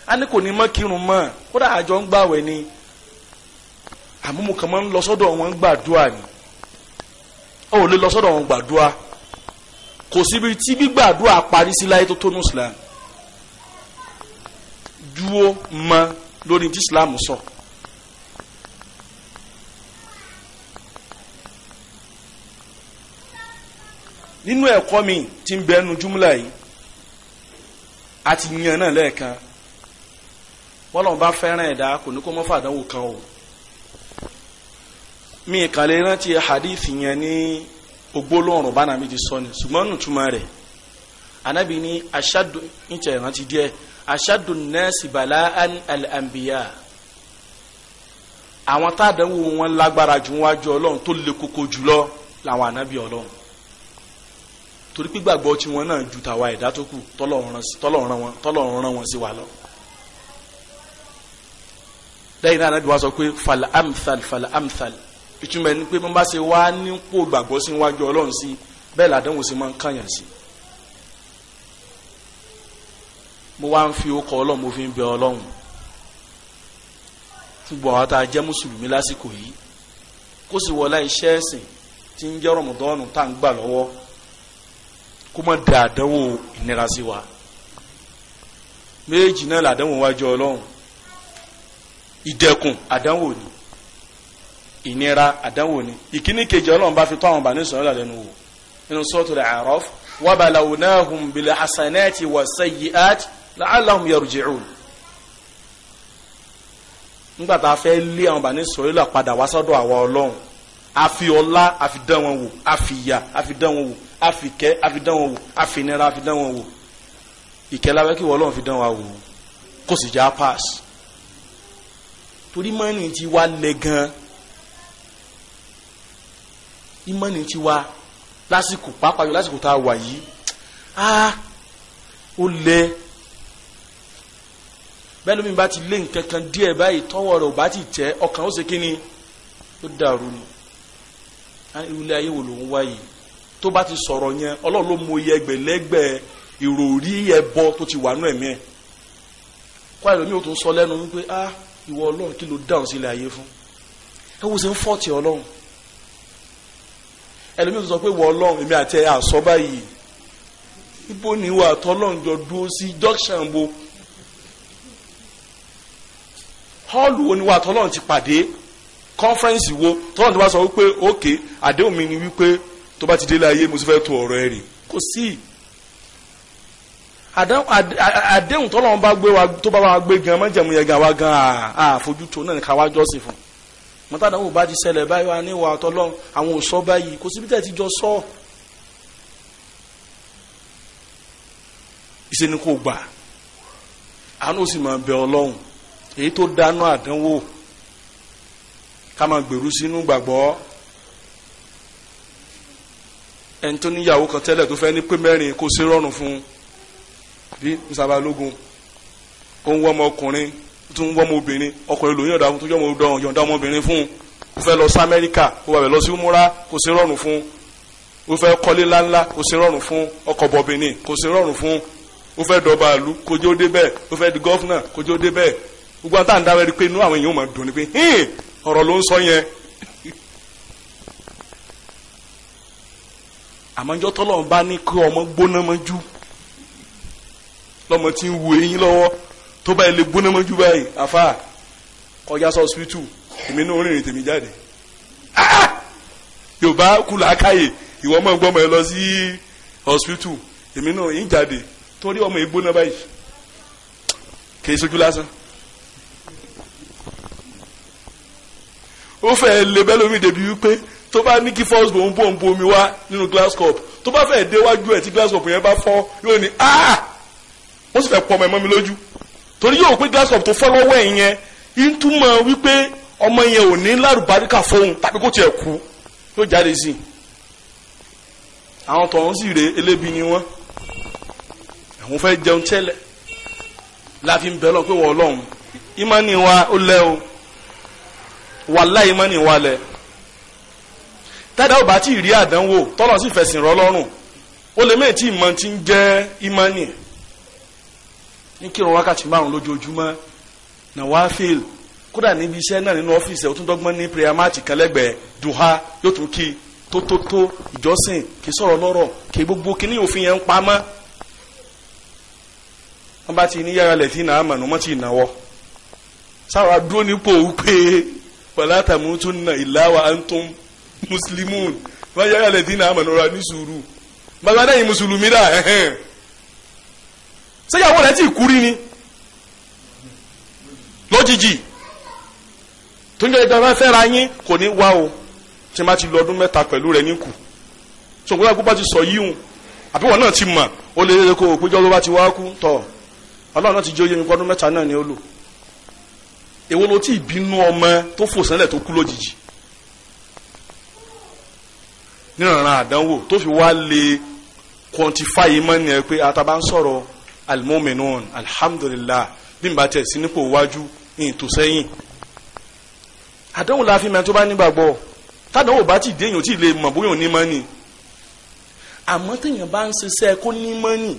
a ní kò ní mọ́ kírun mọ́ kódà àjọ ń gbàwẹ̀ ni àmúmu kan máa ń lọ sọ́dọ̀ wọn gbàdúrà ni ó lè lọ sọ́dọ̀ wọn gbàdúrà kò síbi tí gbígbàdúrà parí sí láyé tó tónú Islam dúó mọ́ lórí tí islam sọ. nínú ẹ̀kọ́ mi ti ń bẹnu yìí àti yàn náà lẹ́ẹ̀kan bọ́lọ́n bá fẹ́ràn ẹ̀dá kò ní kó mọ́ fàdánwò kan o mi kàn rántí hadith yẹn ní ogbólóòrùn bá ti sọ ni ṣùgbọ́n nùtúmọ̀ rẹ̀ anábì ní aṣáájú ìtẹ̀ díẹ̀ ashaddu nnasi bala'an al-anbiya àwọn tá a dánwò wọn lágbára ju wájú ọlọ́run tó le koko jùlọ làwọn ànábì ọlọ́run torí pígbàgbọ́ tí wọn náà ju tàwa ẹ̀dá tó kù tọ́lọ́run rán wọn sí wa lọ. lẹ́yìn náà ànábì wa sọ pé fal amthal fal amthal ìtumọ̀ ẹni pé bọ́n bá ṣe wá nípò gbàgbọ́ sí wájú ọlọ́run sí bẹ́ẹ̀ làdánwò sí máa ń kàyàn sí i. mo wá ń fi okọ ọlọ́run mo fi ń bẹ ọlọ́run gbogbo àwọn tá a jẹ́ mùsùlùmí lásìkò yìí kó sì wọlé iṣẹ́ ẹ̀sìn tí ń jẹ́ rọ̀mùdọ́ọ̀nù tá à ń gbà lọ́wọ́ kó má da àdánwò ìnira sí wa méjì náà làdánwò wájú ọlọ́run ìdẹ̀kùn àdánwò ni ìnira àdánwò ni ìkíní kejì ọlọ́run bá fi tó àwọn bàánú sọ̀rọ̀ lẹ́nu wò nínú sọ́ọ̀tù rẹ̀ A'raf wa balawnahum bil hasanati was sayyi'ati la'allahum yarji'un nígbà tá a fẹ́ lé àwọn bàní sọ̀rọ̀lá padà wá sọ́dọ̀ àwa ọlọ́run a fi ọlá a fi dán wọn wò a fi ìyà a fi dán wọn wò a fi kẹ́ a fi dán wọn wò a la fẹ́ kí wọ́n ọlọ́run fi dán wa wò kò sì já pass torí mọ́ni ti wá lẹ gan ìmọ̀ni ti wá lásìkò pàápàá yóò lásìkò tá a wà yìí ah ó lẹ bẹ́ẹ̀ lómi bá ti lé nǹkan kan díẹ̀ báyìí tọ́wọ́ rẹ̀ ò bá ti tẹ́ ọkàn ó ṣe kí ni ó dàrú ni ilé ayé wo ló ń wáyé tó bá ti sọ̀rọ̀ yẹn ọlọ́run ló mọ iye ẹgbẹ̀lẹ́gbẹ̀ ìròrí ẹbọ tó ti wà nú ẹ̀mí ẹ̀ kó àìlómi ò tún sọ lẹ́nu wípé ah ìwọ ọlọ́run kí ló dáhùn sí ilé ayé fún ẹ wo ṣe ń fọ́ọ̀tì ọlọ́run ẹlòmíì tó sọ pé wọ ọlọ́run èmi àti ẹ àsọ báyìí ibo ni ìwà àtọ́lọ́run họ́ọ̀lù wo ni wà tọ́lọ́run ti pàdé kọ́nfẹ́rẹ́nsì wo tọ́lọ́run ti wá sọ wípé òkè àdéhùn mi ni wípé tó bá ti délé ayé mo ti fẹ́ tó ọ̀rọ̀ ẹ̀ rè kò sí àdéhùn tọ́lọ́run bá gbé wa tó bá wa gbé gan mọ́jẹ̀mú yẹn gan wa gan àfojútó náà ní ká wá jọ́sìn fún mọ́tàdánwò bá ti ṣẹlẹ̀ báyìí wa ní ìwà tọ́lọ́run àwọn ò sọ báyìí kò síbi tẹ́ ti jọ sọ ìṣe ni kò gbà àánú sì máa bẹ ọlọ́run èyí tó dáná àdánwò ká máa gbèrú sínú gbàgbọ́ ẹni tó níyàwó kan tẹ́lẹ̀ tó fẹ́ ní pé mẹ́rin kó ṣe rọrùn fún un bí nsàbálógún ó ń wọ́ ọmọkùnrin tó ń wọ́ ọmọbìnrin ọkùnrin ló yọ̀ǹda tó yọ̀ ọmọdọ̀ yọ̀ǹda ọmọbìnrin fún un ó fẹ́ lọ sí amẹ́ríkà ó wà bẹ̀ lọ sí umura kó ṣe rọrùn fún un ó fẹ́ kọ́lé ńláńlá kó ṣe rọrùn fún un ọkọ̀ bọ̀bìnrin kó ṣe rọrùn fún un ó fẹ́ dọ̀bàlú kójó débẹ̀ ó fẹ́ di gọ́fúnà kójó débẹ̀ gbogbo àtàwọn dáwọ́ ẹ̀rí pé inú àwọn èèyàn ò máa dùn ni pé hìn ọ̀rọ̀ ló ń sọ yẹn. àmọ́jọ́ tọ́lọ́run bá ní kí ọmọ gbóná mọ́jú lọ́mọ tí ń wo eyín lọ́wọ́ tó báyìí lè gbóná mọ́jú báyìí àfa ọjà sọ hospital èmi náà rìnrìn tèmi jáde yorùbá kù làákàyè ìwọ ọmọ ìgbọmọ ẹ lọ sí hospital èmi náà yín jáde torí ọmọ ìgbóná báyìí kì í sojú lásán ó fẹ́ lè bẹ́ẹ̀ lómi débi wípé tó bá ní kí first bò ń bò ń bo omi wá nínú glass cup tó bá fẹ́ déwájú ẹ̀ tí glass cup yẹn bá fọ́ yóò ní ah ó sì fẹ́ pọ̀ ọmọ ẹ̀mọ́ mi lójú torí yóò pé glass cup tó fọ́ lọ́wọ́ ẹ̀ yẹn ń túmọ̀ wípé ọmọ yẹn ò ní lárúbáríkà fóun tàbí kó tiẹ̀ kú yóò jáde sí i àwọn tọ̀hún sì rè elébi ni wọ́n àwọn fẹ́ jẹun tẹ́lẹ̀ láfi ń bẹ́ lọ pé wọ́n ọlọ́run ìmọ̀ ni wa ó lẹ́ o. wàláì imani wálẹ̀ tẹ́dá ò bá tí ì rí àdánwò tọ́lọ̀ sì fẹ̀sìn rọ lọ́rùn ó lè méjì ìmọ̀ tí ń jẹ́ ìmọ̀nì ní kírun wákàtí márùn lójoojúmọ́ kódà níbi iṣẹ́ ní duha yóò tún kí tótótó ìjọsìn kì í sọ̀rọ̀ lọ́rọ̀ kì í gbogbo kí ní òfin yẹn ń pamọ́ wọ́n bá ti ní yàrá lẹ̀ tí fala tamutunna illa wa antum muslimun wọ́n yára lè dín náà àmọ̀ nora ní sùúrù bàbá náà yìí mùsùlùmí rà ẹ̀hẹ́n sẹ́yàwó rẹ̀ ti kúrí ni lojiji tó ń jẹ́ ìjọba fẹ́ra yín kò ní wá o tí ma ti lọ ọdún mẹ́ta pẹ̀lú rẹ̀ níkù sọ̀gbọ́n àgùnbá ti sọ yíhun àbíwọ̀ náà ti mọ̀ ó lè lè kó òpéjọ́ ló bá ti wá kú tọ̀ ọlọ́run náà ti jẹ́ oyè mi kọ́ mẹ́ta náà ni ó lò èwo ló ti bínú ọmọ tó fò sánlẹ̀ tó kú lójijì níranran àdánwò tó fi wá lè quantify mọ́ ni ẹ pé àtàbá ń sọ̀rọ̀ almominon alhamdulilah bí n bá tẹ̀ sí nípò iwájú ní ìtòsẹ́yìn àdánwò la fi mẹ́ tó bá nígbàgbọ́ tádánwò bá ti déyìn ò tí lè mọ̀ bóyá onímọ̀ ni àmọ́ téèyàn bá ń ṣiṣẹ́ kó nímọ̀ ni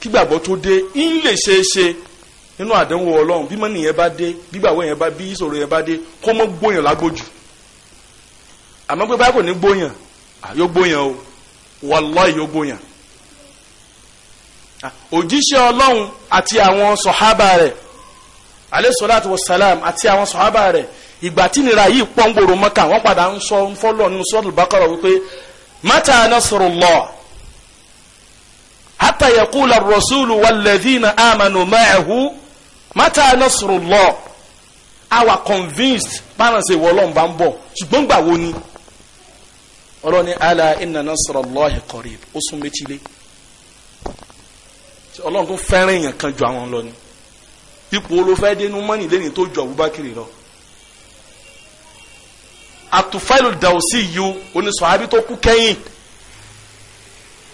kígbàgbọ́ tó dé ń lè ṣeé nínú àdánwò ọlọ́run bí mọ́nì yẹn bá dé bígbàwọ́ yẹn bá bí ìṣòro yẹn bá dé kó mọ́ gbóyàn lágbójú àmọ́ pé báyìí kò ní gbóyàn yóò gbóyàn o wàláì yóò gbóyàn òjíṣẹ́ ọlọ́run àti àwọn sọ̀hábà rẹ̀ alẹ́sọ̀láàtì wasalam àti àwọn sọ̀hábà rẹ̀ ìgbà tí nira yìí pọ́ngbòrò mọ́kà wọ́n padà ń sọ ń fọ́lọ́ nínú sọ́ọ̀lù bákọ́rọ̀ wípé mata nasrullah hatta yaqula ar-rasulu wal-ladhina amanu ma'ahu mata nasrullah awa convinced balance ìwọ ọlọ́run bá ń bọ̀ ṣùgbọ́n gbà wo ni ọlọ́run ní ala inna nasrullahi qarib ó sún métílé ọlọ́run tó fẹ́ràn èèyàn kan ju àwọn lọ ni ipò olófẹ́ mọ́nì lẹ́yìn tó ju Abubakar lọ àtúfáìlù dàwọ́sí yìí oníṣòwò àbí tó kú kẹ́yìn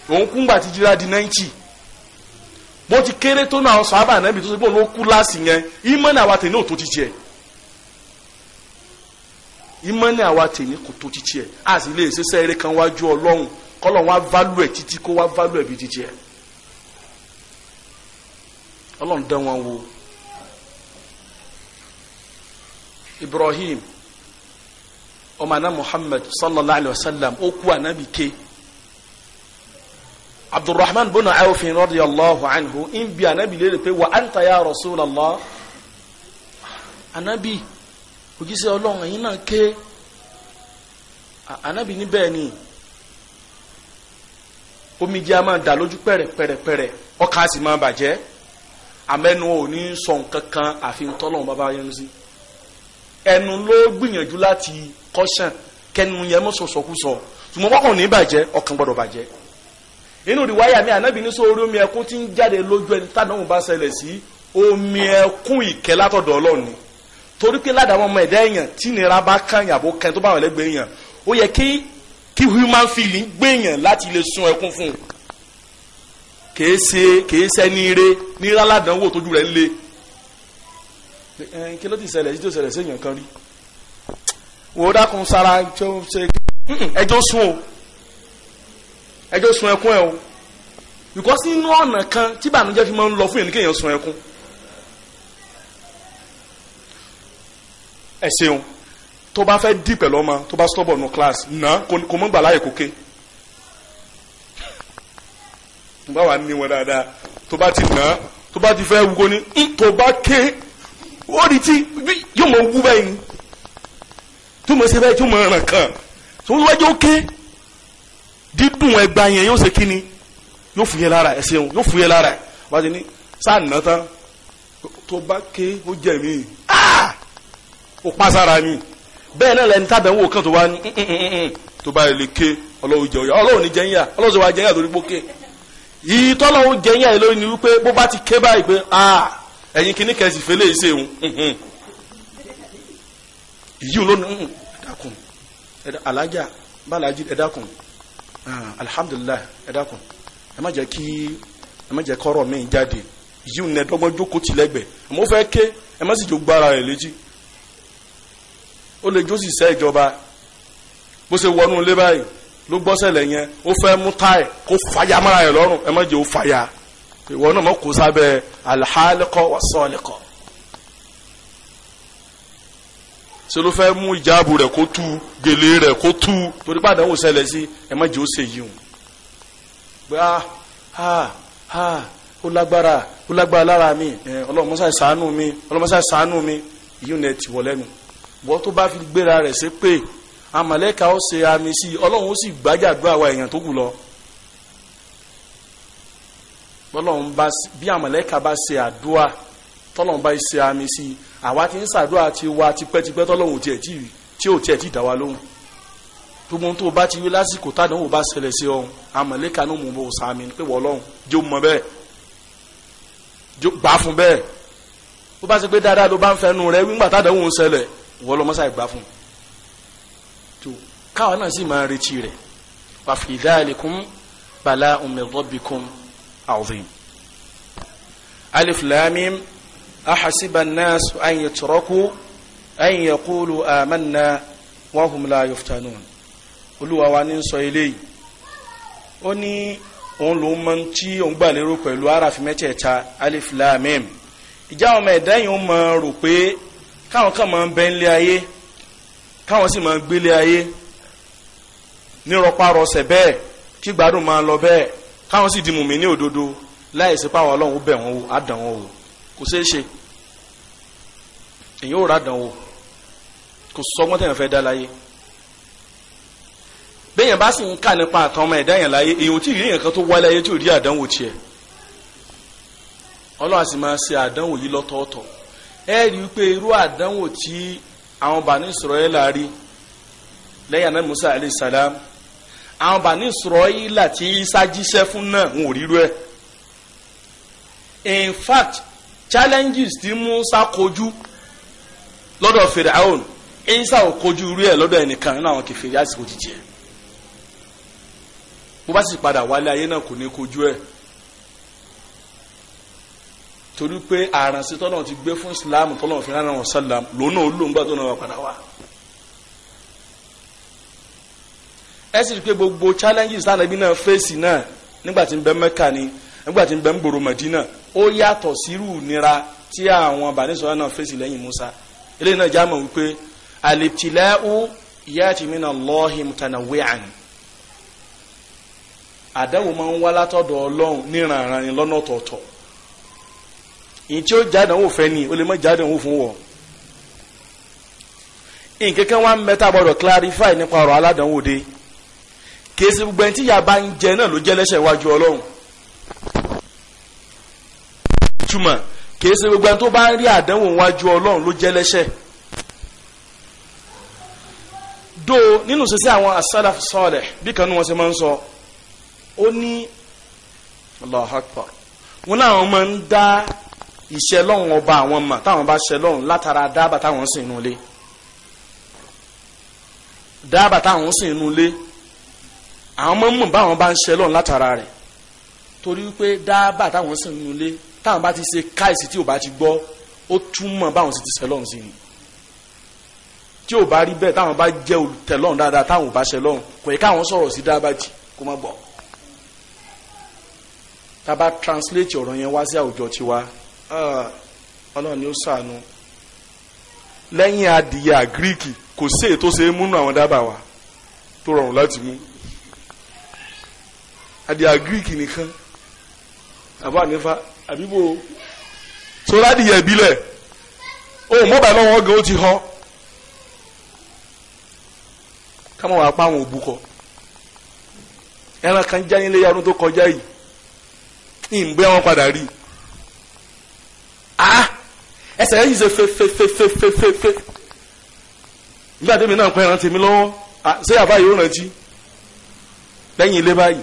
òun kú ngbà jíra di náìjì bó ti kéré tó náà sọ abá ànábì tó ṣe gbọ́n ló kú láàsì yẹn ìmọ̀ ní àwa tèmi ò tó ti tiẹ̀ ìmọ̀ ní àwa tèmi kò tó ti tiẹ̀ a sì lè ṣe sẹ́ẹ̀rẹ́ kan wájú ọlọ́run kọ́lọ̀ wá válù ẹ̀ títí kó wá válù ẹ̀ bí ti tiẹ̀ ọlọ́run Ibrahim ọmọ aná Muhammad alayhi wa sallam ó kú abdulrahman bona awfin radiyallahu anhu in bi anabi léèrè pé wa anta ya rasulallah anabi òjíṣẹ́ ọlọ́run ẹ̀yin náà ké anabi ní bẹ́ẹ̀ ni omijé a máa dà lójú pẹ̀rẹ̀ pẹ̀rẹ̀ pẹ̀rẹ̀ ọkà sì máa bàjẹ́ amẹ́nu ò ní sọ nǹkan kan àfi ń tọ́lọ́run bàbá yẹn sí ẹnu ló gbìyànjú láti kọ́ṣàn kẹnu yẹn mọ́ sọ̀sọ̀kú sọ ṣùgbọ́n wọ́n kàn ní bàjẹ́ ọkàn gbọ́dọ̀ bàjẹ́ inú ìwáyà mi ànábì ní sóorí omi ẹkún tí ń jáde lójú ẹni tádàmú bá ṣẹlẹ̀ sí omi ẹkún ìkẹ́ látọ̀dọ̀ ọlọ́run ni torí pé ládàá ọmọ ẹ̀dá èèyàn tí nira bá kàn yàn àbó kàn tó bá wọn lẹ́gbẹ̀ẹ́ èèyàn ó yẹ kí kí human feeling gbèyàn láti lè sun ẹkún fún un kèé ṣe kèé ṣe ní ire nira tójú rẹ̀ le kí ló ti ṣẹlẹ̀ yìí tó ṣẹlẹ̀ sí èèyàn kan rí wò ó dákun sára ẹjọ́ sun o ẹjọ́ sun ẹkún ẹ o because inú ọ̀nà kan tí ìbànújẹ́ fi máa ń lọ fún yẹn kéèyàn sun ẹkún ẹ ṣeun tó bá fẹ́ dì pẹ̀lú ọmọ tó bá stubborn nù class nà kò mọ́ gbà láyè kókè bá wà ní wọn dáadáa tó bá ti nà tó bá ti fẹ́ wúgo ní tó bá ké ó di tí yóò mọ wú báyìí tó mọ ṣe báyìí tó mọ ràn kàn tó wájú ó ké dídùn ẹgba yẹn yóò ṣe kíni yóò fúyẹ́ lára ẹ ṣeun yóò fúyẹ́ lára ẹ wá sí ni sáà nà tán tó bá ké ó jẹ mí ah! ó pa sára mi bẹ́ẹ̀ náà lẹni tábẹ̀ ń wò kàn tó wá ní tó bá lè ké ọlọ́run jẹ ọyà ọlọ́run ní jẹ́yìn yà ọlọ́run sọ wá jẹ́yìn yà lórí pókè yìí tọ́lọ́run jẹ́yìn yà lórí ni wípé bó bá ti ké báyìí pé ah, ẹ̀yin kìíní kẹsì fẹ́lẹ́ ìṣeun yìí ló ń dàkùn alájà bá alájì ẹ̀dàkùn Ah, alhamdulilayi ẹ dákun ẹ má jẹ́ kí ẹ má jẹ́ kọ́rọ̀ mi jáde yíw nẹ dọ́gbọ́n jókòó tilẹ̀gbẹ̀ àmọ́ fẹ́ ké ẹ má sì jó gbára rẹ̀ létí ó lè jó sì sẹ́ ìjọba bó ṣe wọnú ilé báyìí ló gbọ́sẹ̀lẹ̀ yẹn ó fẹ́ mú táì kó fàyà mára rẹ̀ lọ́rùn ẹ má jẹ́ ó fàyà ìwọ náà mọ̀ kó sábẹ́ alihálẹ́kọ̀ wà sọ́ọ̀lẹ́kọ̀ọ́ ṣe ló fẹ́ mú ìjáàbù rẹ̀ kó tú gèlè rẹ̀ kó tú torí pé àdánwò ṣẹlẹ̀ sí ẹ má jẹ́ ó ṣe yìí o pé a ah, a ah, a ah, ó lágbára ó lágbára lára mi ọlọ́run mọ́sá ìsàánú mi ọlọ́run mọ́sá ìsàánú mi yìí ni ẹ ti wọ̀ lẹ́nu bọ́ tó bá fi gbéra rẹ̀ ṣe pé àmàlẹ́ka ó ṣe àmì sí ọlọ́run ó sì gbájàdúrà wa èèyàn tó kù lọ bọ́lọ́run bá bí àmàlẹ́ka bá ṣe àdúrà tọ́lọ́run bá ṣe àmì sí àwa ti ń ṣàdúrà ti wa tipẹ́tipẹ́ tọ́lọ́hùn tiẹ̀ tí ò tiẹ̀ tí dá wa lóhùn gbogbo tó o bá ti wí lásìkò tádàn ò bá ṣẹlẹ̀ sí ọ̀hún àmọ̀lẹ́ka ní òun bò sàmì pé wọ́n lọ́hùn jó mọ bẹ́ẹ̀ jó gbà fún bẹ́ẹ̀ bó bá ṣe pé dáadáa ló bá ń fẹnu rẹ wíńgbà tádàn òun ṣẹlẹ̀ wọ́n lọ́ mọ́sáì gbà fún tó káwa náà sì máa retí rẹ̀ wa fi dhalikum bala'un min rabbikum azim alif lam أحسب الناس أن يتركوا أن يقولوا آمنا وهم لا يفتنون Olúwa wa ní sọ eléyìí ó ní òun lòún mọ tí òun gbà lérò pẹ̀lú aráàfin mẹ́tẹ̀ẹ̀ta alif lam mim ìjà àwọn ọmọ ẹ̀dá yìí ń mọ rò pé káwọn kan máa ń bẹ nílé ayé káwọn sì máa ń gbélé ayé nírọpárọsẹ̀ bẹ́ẹ̀ kí gbádùn máa lọ bẹ́ẹ̀ káwọn sì di mùmí ní òdodo láì sí pàwọn ọlọ́run bẹ̀ wọ́n wò á dàn wọ́n wò kò ṣeé ṣe èyí ò ràdàn o kò sọgbọ́n tẹ̀yàn fẹ́ dá láyé bẹ́ẹ̀ yẹn bá sì ń kà nípa àtàn ọmọ ẹ̀dá yẹn láyé èyí ò tí ì rí yẹn kan tó wá láyé tí ò rí àdánwò tiẹ̀ ọlọ́run sì máa ṣe àdánwò yìí lọ́tọ̀ọ̀tọ̀ ẹ rí i pé irú àdánwò tí àwọn bàní Ísírẹ́lì rí lẹ́yìn anáà Musa alayhi salam àwọn bàní Ísírẹ́lì tí Isa jíṣẹ́ fún náà ń ò rírú ẹ̀ in fact challenges tí Musa kojú lọ́dọ̀ Firaun ẹ̀yìnsá ò kojú rí ẹ̀ lọ́dọ̀ ẹnìkan nínú àwọn kẹfìrí àsìkò jíjẹ bó bá sì padà wálé ayé náà kò ní kojú ẹ̀ torí pé àrànṣe tọ́nà ti gbé fún Islam tọ́nà fi ránà wọn sálàm lónà olóńgbà tó náà wà padà wá. ẹ sì rí pé gbogbo challenges tánàbí náà fèsì náà nígbà tí ń bẹ Mẹ́kà ni nígbà tí ń bẹ ń gbòòrò Mẹdínà ó yàtọ̀ sírù nira tí àwọn bàdínsọ̀rọ̀ náà fèsì lẹ́yìn Musa. eléyìí náà já mọ̀ wípé alibtilau yati min Allahi mutanawi'an àdáwò máa ń wá látọ̀dọ̀ ọlọ́run níranran ni lọ́nà ọ̀tọ̀ọ̀tọ̀ ìyìn tí ó jádàwò fẹ́ ni o lè má jádàwò fún wọ nǹkan kan wá ń mẹ́ta gbọ́dọ̀ clarify nípa ọ̀rọ̀ aládàáwò kèsì gbogbo ẹni tí ìyá bá ń jẹ náà ló jẹ́ lẹ́sẹ̀ iwájú ọlọ́run kìí ṣe gbogbo ẹni tó bá ń rí àdánwò wájú ọlọ́run ló jẹ́ lẹ́ṣẹ̀ do nínú sísẹ àwọn asálàf sọọlẹ bí kanú wọn ṣe máa ń sọ ó ní Allahu Akbar wọn làwọn máa ń dá ìṣẹ́ lọ́run ọba àwọn mà táwọn bá ṣẹ lọ́run látara dábà táwọn sì inú ilé dábà táwọn sì inú ilé àwọn máa ń mọ̀ báwọn bá ń ṣẹ lọ́run látara rẹ̀ torí pé dábà táwọn sì inú ilé táwọn bá ti ṣe káìsì tí o bá ti gbọ́ ó túmọ̀ báwọn sì ti sẹlọ́n sí ni tí ò bá rí bẹ́ẹ̀ táwọn bá jẹ́ olùtẹ̀lọ́n dáadáa táwọn ò bá sẹlọ́n kò yẹ káwọn sọ̀rọ̀ sí dábàjì kó má gbọ́ tá a bá translate ọ̀rọ̀ yẹn wá sí àwùjọ tiwa ah, ọlọ́run ni ó sànù lẹ́yìn adìyẹ àgíríkì kò sí èyí tó ṣe é múnú àwọn dábàá wa tó rọrùn láti mú adìyẹ àgíríkì nìkan àbá nífa àbíbo sọlá dìyẹ ìbílẹ̀ ohun mọ́bà náà wọ́n gan ó ti họ kámọ́ wàá pa àwọn òbúkọ ẹran kan já nílé ọdún tó kọjá yìí ní ìgbé wọn padà rí a ah! ẹsẹ̀ yẹn yìí ṣe fefefefefefe nígbà tẹ́mi náà kọ́ ẹran tèmi lọ́wọ́ ah, ṣé àbá yìí ó rántí lẹ́yìn ilé báyìí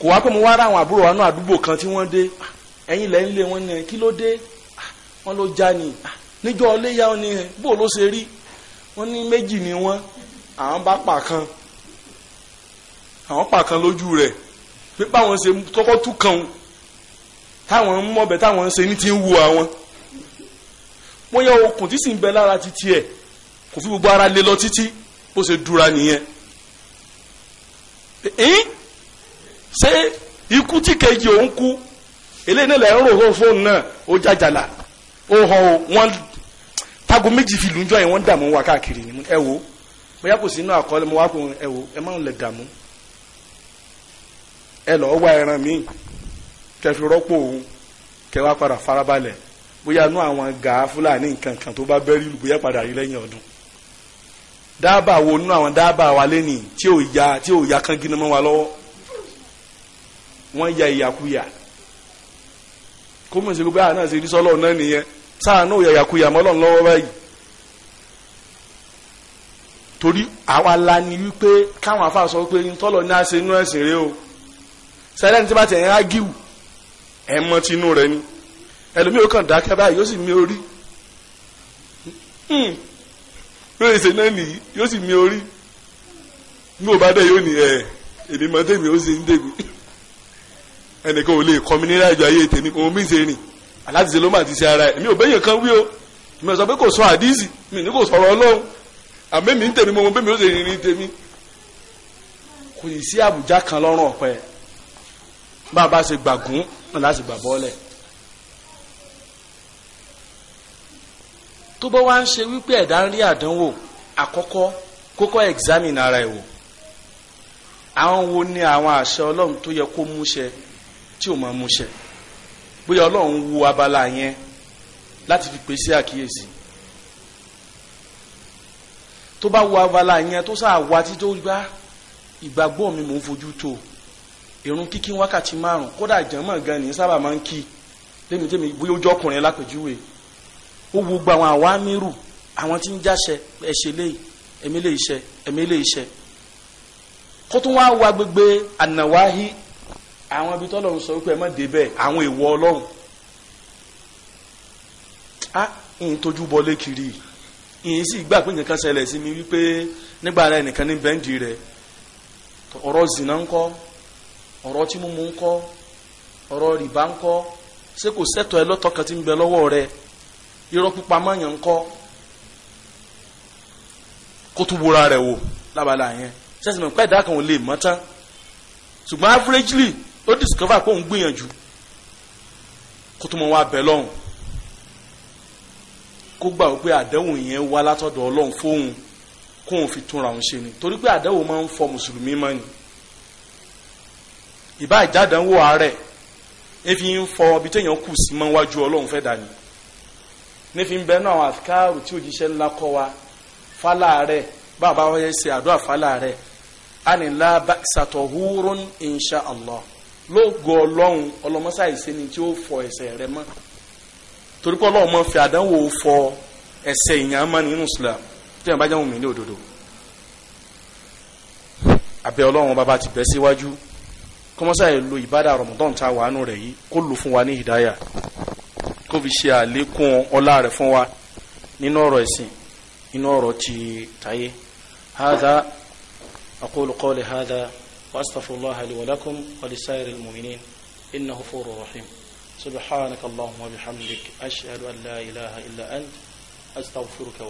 kò wá pé mo wá ráwọn àbúrò wa náà àdúgbò kan tí wọ́n dé ẹ̀yin lẹ́ ń lé wọn ní kí ló dé wọ́n ló já ni níjọ́ ọléyà ó ní bó ló ṣe rí wọ́n ní méjì ni wọ́n àwọn bá pa kan àwọn pa kan lójú rẹ̀ pé báwọn ṣe tọ́kọ́ tú kan táwọn ń mọ̀bẹ táwọn ń ṣe ní ti ń wu àwọn wọ́n yẹ okùn tí sì ń bẹ lára títí ẹ̀ kò fi gbogbo ara lé lọ títí bó ṣe dúra nìyẹn. ṣé ikú tí kejì òun kú eléyìí náà lẹ́yìn rògbò fóònù náà ó jàjàlá ó hàn ó fi lùjọ́ yẹn wọn dààmú wa káàkiri ni ẹ wo bóyá kò sí inú àkọọ́lẹ̀ mo wá pé ẹ wo ẹ má ń lẹ̀ dààmú ẹ lọ́ọ́ wá ẹran míì kẹfì rọ́pò òun kẹwàá padà farabalẹ̀ bóyá inú àwọn gàá fúlàní nǹkan kan tó bá bẹ́rí lù bóyá padà rí lẹ́yìn ọdún dábàá wo inú ya kan wa lọ́wọ́ wọ́n ya ìyàkuyà kó mọ̀ sí gbogbo àná àti ìrísọ́lọ́ náà nìyẹn sáà náà yà ìyàkuyà mọ́lọ́n lọ́wọ́ báyìí torí àwa la ni wípé káwọn afa sọ pé ntọ́lọ̀ ní àṣẹ inú ẹ̀sìn rẹ o sẹ́lẹ̀ni tí bá tẹ̀ ẹ́ ágíwù ẹ̀ mọ́ ti inú rẹ ni ẹlòmíì ó kàn dákẹ́ báyìí yóò sì mí orí lórí hmm. ìṣe náà nìyí yóò sì mí orí bí mo bá dẹ̀ yóò nìyẹn èmi mọ́ tèmi ó sì ń dèmi ẹnìkan ò lè kọ́ mi nílá ìjọ ayé tèmi òun mí ṣe rìn aláti ṣe ló máa ti ṣe ara ẹ̀ èmi ò bẹ́yìn kan wí o mi ò sọ pé kò sọ àdíìsì mi ní kò sọ̀rọ̀ ọlọ́run àmì mi ń tèmi mo mọ bẹ́ẹ̀ mi ò ṣe rìn ní tèmi kò yìí sí àbújá kan lọ́rùn ọ̀pẹ bá a bá ṣe gbàgún náà láti gbà bọ́ọ̀lẹ̀ tó bá wá ń ṣe wípé ẹ̀dá ń rí àdánwò àkọ́kọ́ kókó examine ara ẹ̀ wò àwọn wo ni àwọn àṣẹ ọlọ́run tó yẹ kó mú ṣe tí ò máa múṣẹ bóyá ọlọ́run wo abala yẹn láti fi pèsè àkíyèsí tó bá wo abala yẹn tó sáà wá títí ó gbá ìgbàgbọ́ mi mò ń fojú tó ìrun kíkí wákàtí márùn kódà jẹ́mọ̀ gan ni sábà máa ń kí lẹ́mi tẹ́mi bóyá ojú ọkùnrin lápèjúwe ó wo gba àwọn àwa mírù àwọn tí ń jáṣẹ ẹ̀ṣẹ̀ lé ẹ̀mí lè ṣẹ ẹ̀mí lè ṣẹ kó tún wá wá gbogbo ànàwáhí àwọn ibi tọ́lọ́run sọ wípé ẹ má dé bẹ́ẹ̀ àwọn èèwọ̀ ọlọ́run á ń tójú bọlé kiri ìyẹn sì gbà pé nǹkan ṣẹlẹ̀ sí mi wípé nígbà rẹ nìkan ní bẹ́ǹdì rẹ ọ̀rọ̀ zina ńkọ́ ọ̀rọ̀ tí mímu ńkọ́ ọ̀rọ̀ rìbá ńkọ́ ṣé kò sẹ́tọ̀ ẹ lọ́tọ̀ kan tí ń bẹ lọ́wọ́ rẹ irọ́ pípa mọ́yàn ńkọ́ kó tún wúra rẹ̀ wò lábala yẹn sẹ́sìmọ̀ pẹ́ kan ò lè mọ́ tán ṣùgbọ́n averagely ó discover kó ń gbìyànjú kó tó mọ wá bẹ̀ lọ́hùn kó gbà wípé àdéhùn yẹn wá látọ̀dọ̀ ọlọ́run fóun kó òun fi túnra òun ṣe ni torí pé àdéhùn máa ń fọ mùsùlùmí mọ́ ni ìbá ìjádánwò àárẹ̀ efi ń fọ ibi téèyàn kù sí mọ́ wájú ọlọ́run fẹ́ dání nífi ń bẹnu àwọn àfikárù tí òjíṣẹ́ ńlá kọ́ wa fálàárẹ̀ bàbá wáyé ṣe àdúrà fálàárẹ̀ ánìlá sàtọ̀húrún Allah lóògùn ọlọ́run ọlọmọsá ìṣe ni tí ó fọ ẹ̀ṣẹ̀ rẹ mọ́ torí kọ́ ọlọ́run mọ́ fi àdánwò fọ ẹ̀ṣẹ̀ ìyàn mọ́ nínú Islam tí wọ́n bá jẹ́ òmìn ní òdodo abẹ́ ọlọ́run bàbá ti bẹ́ síwájú kọ́mọ́sá yìí lo ìbádà Ramadan tá a wà nù rẹ̀ yìí kó lò fún wa ní hidaya kó fi ṣe àlékún ọlá rẹ̀ fún wa nínú ọ̀rọ̀ ẹ̀sìn nínú ọ̀rọ̀ ti tayé hadha aqulu hadha. وأستغفر الله لي ولكم ولسائر المؤمنين إنه غفور رحيم سبحانك اللهم وبحمدك أشهد أن لا إله إلا أنت أستغفرك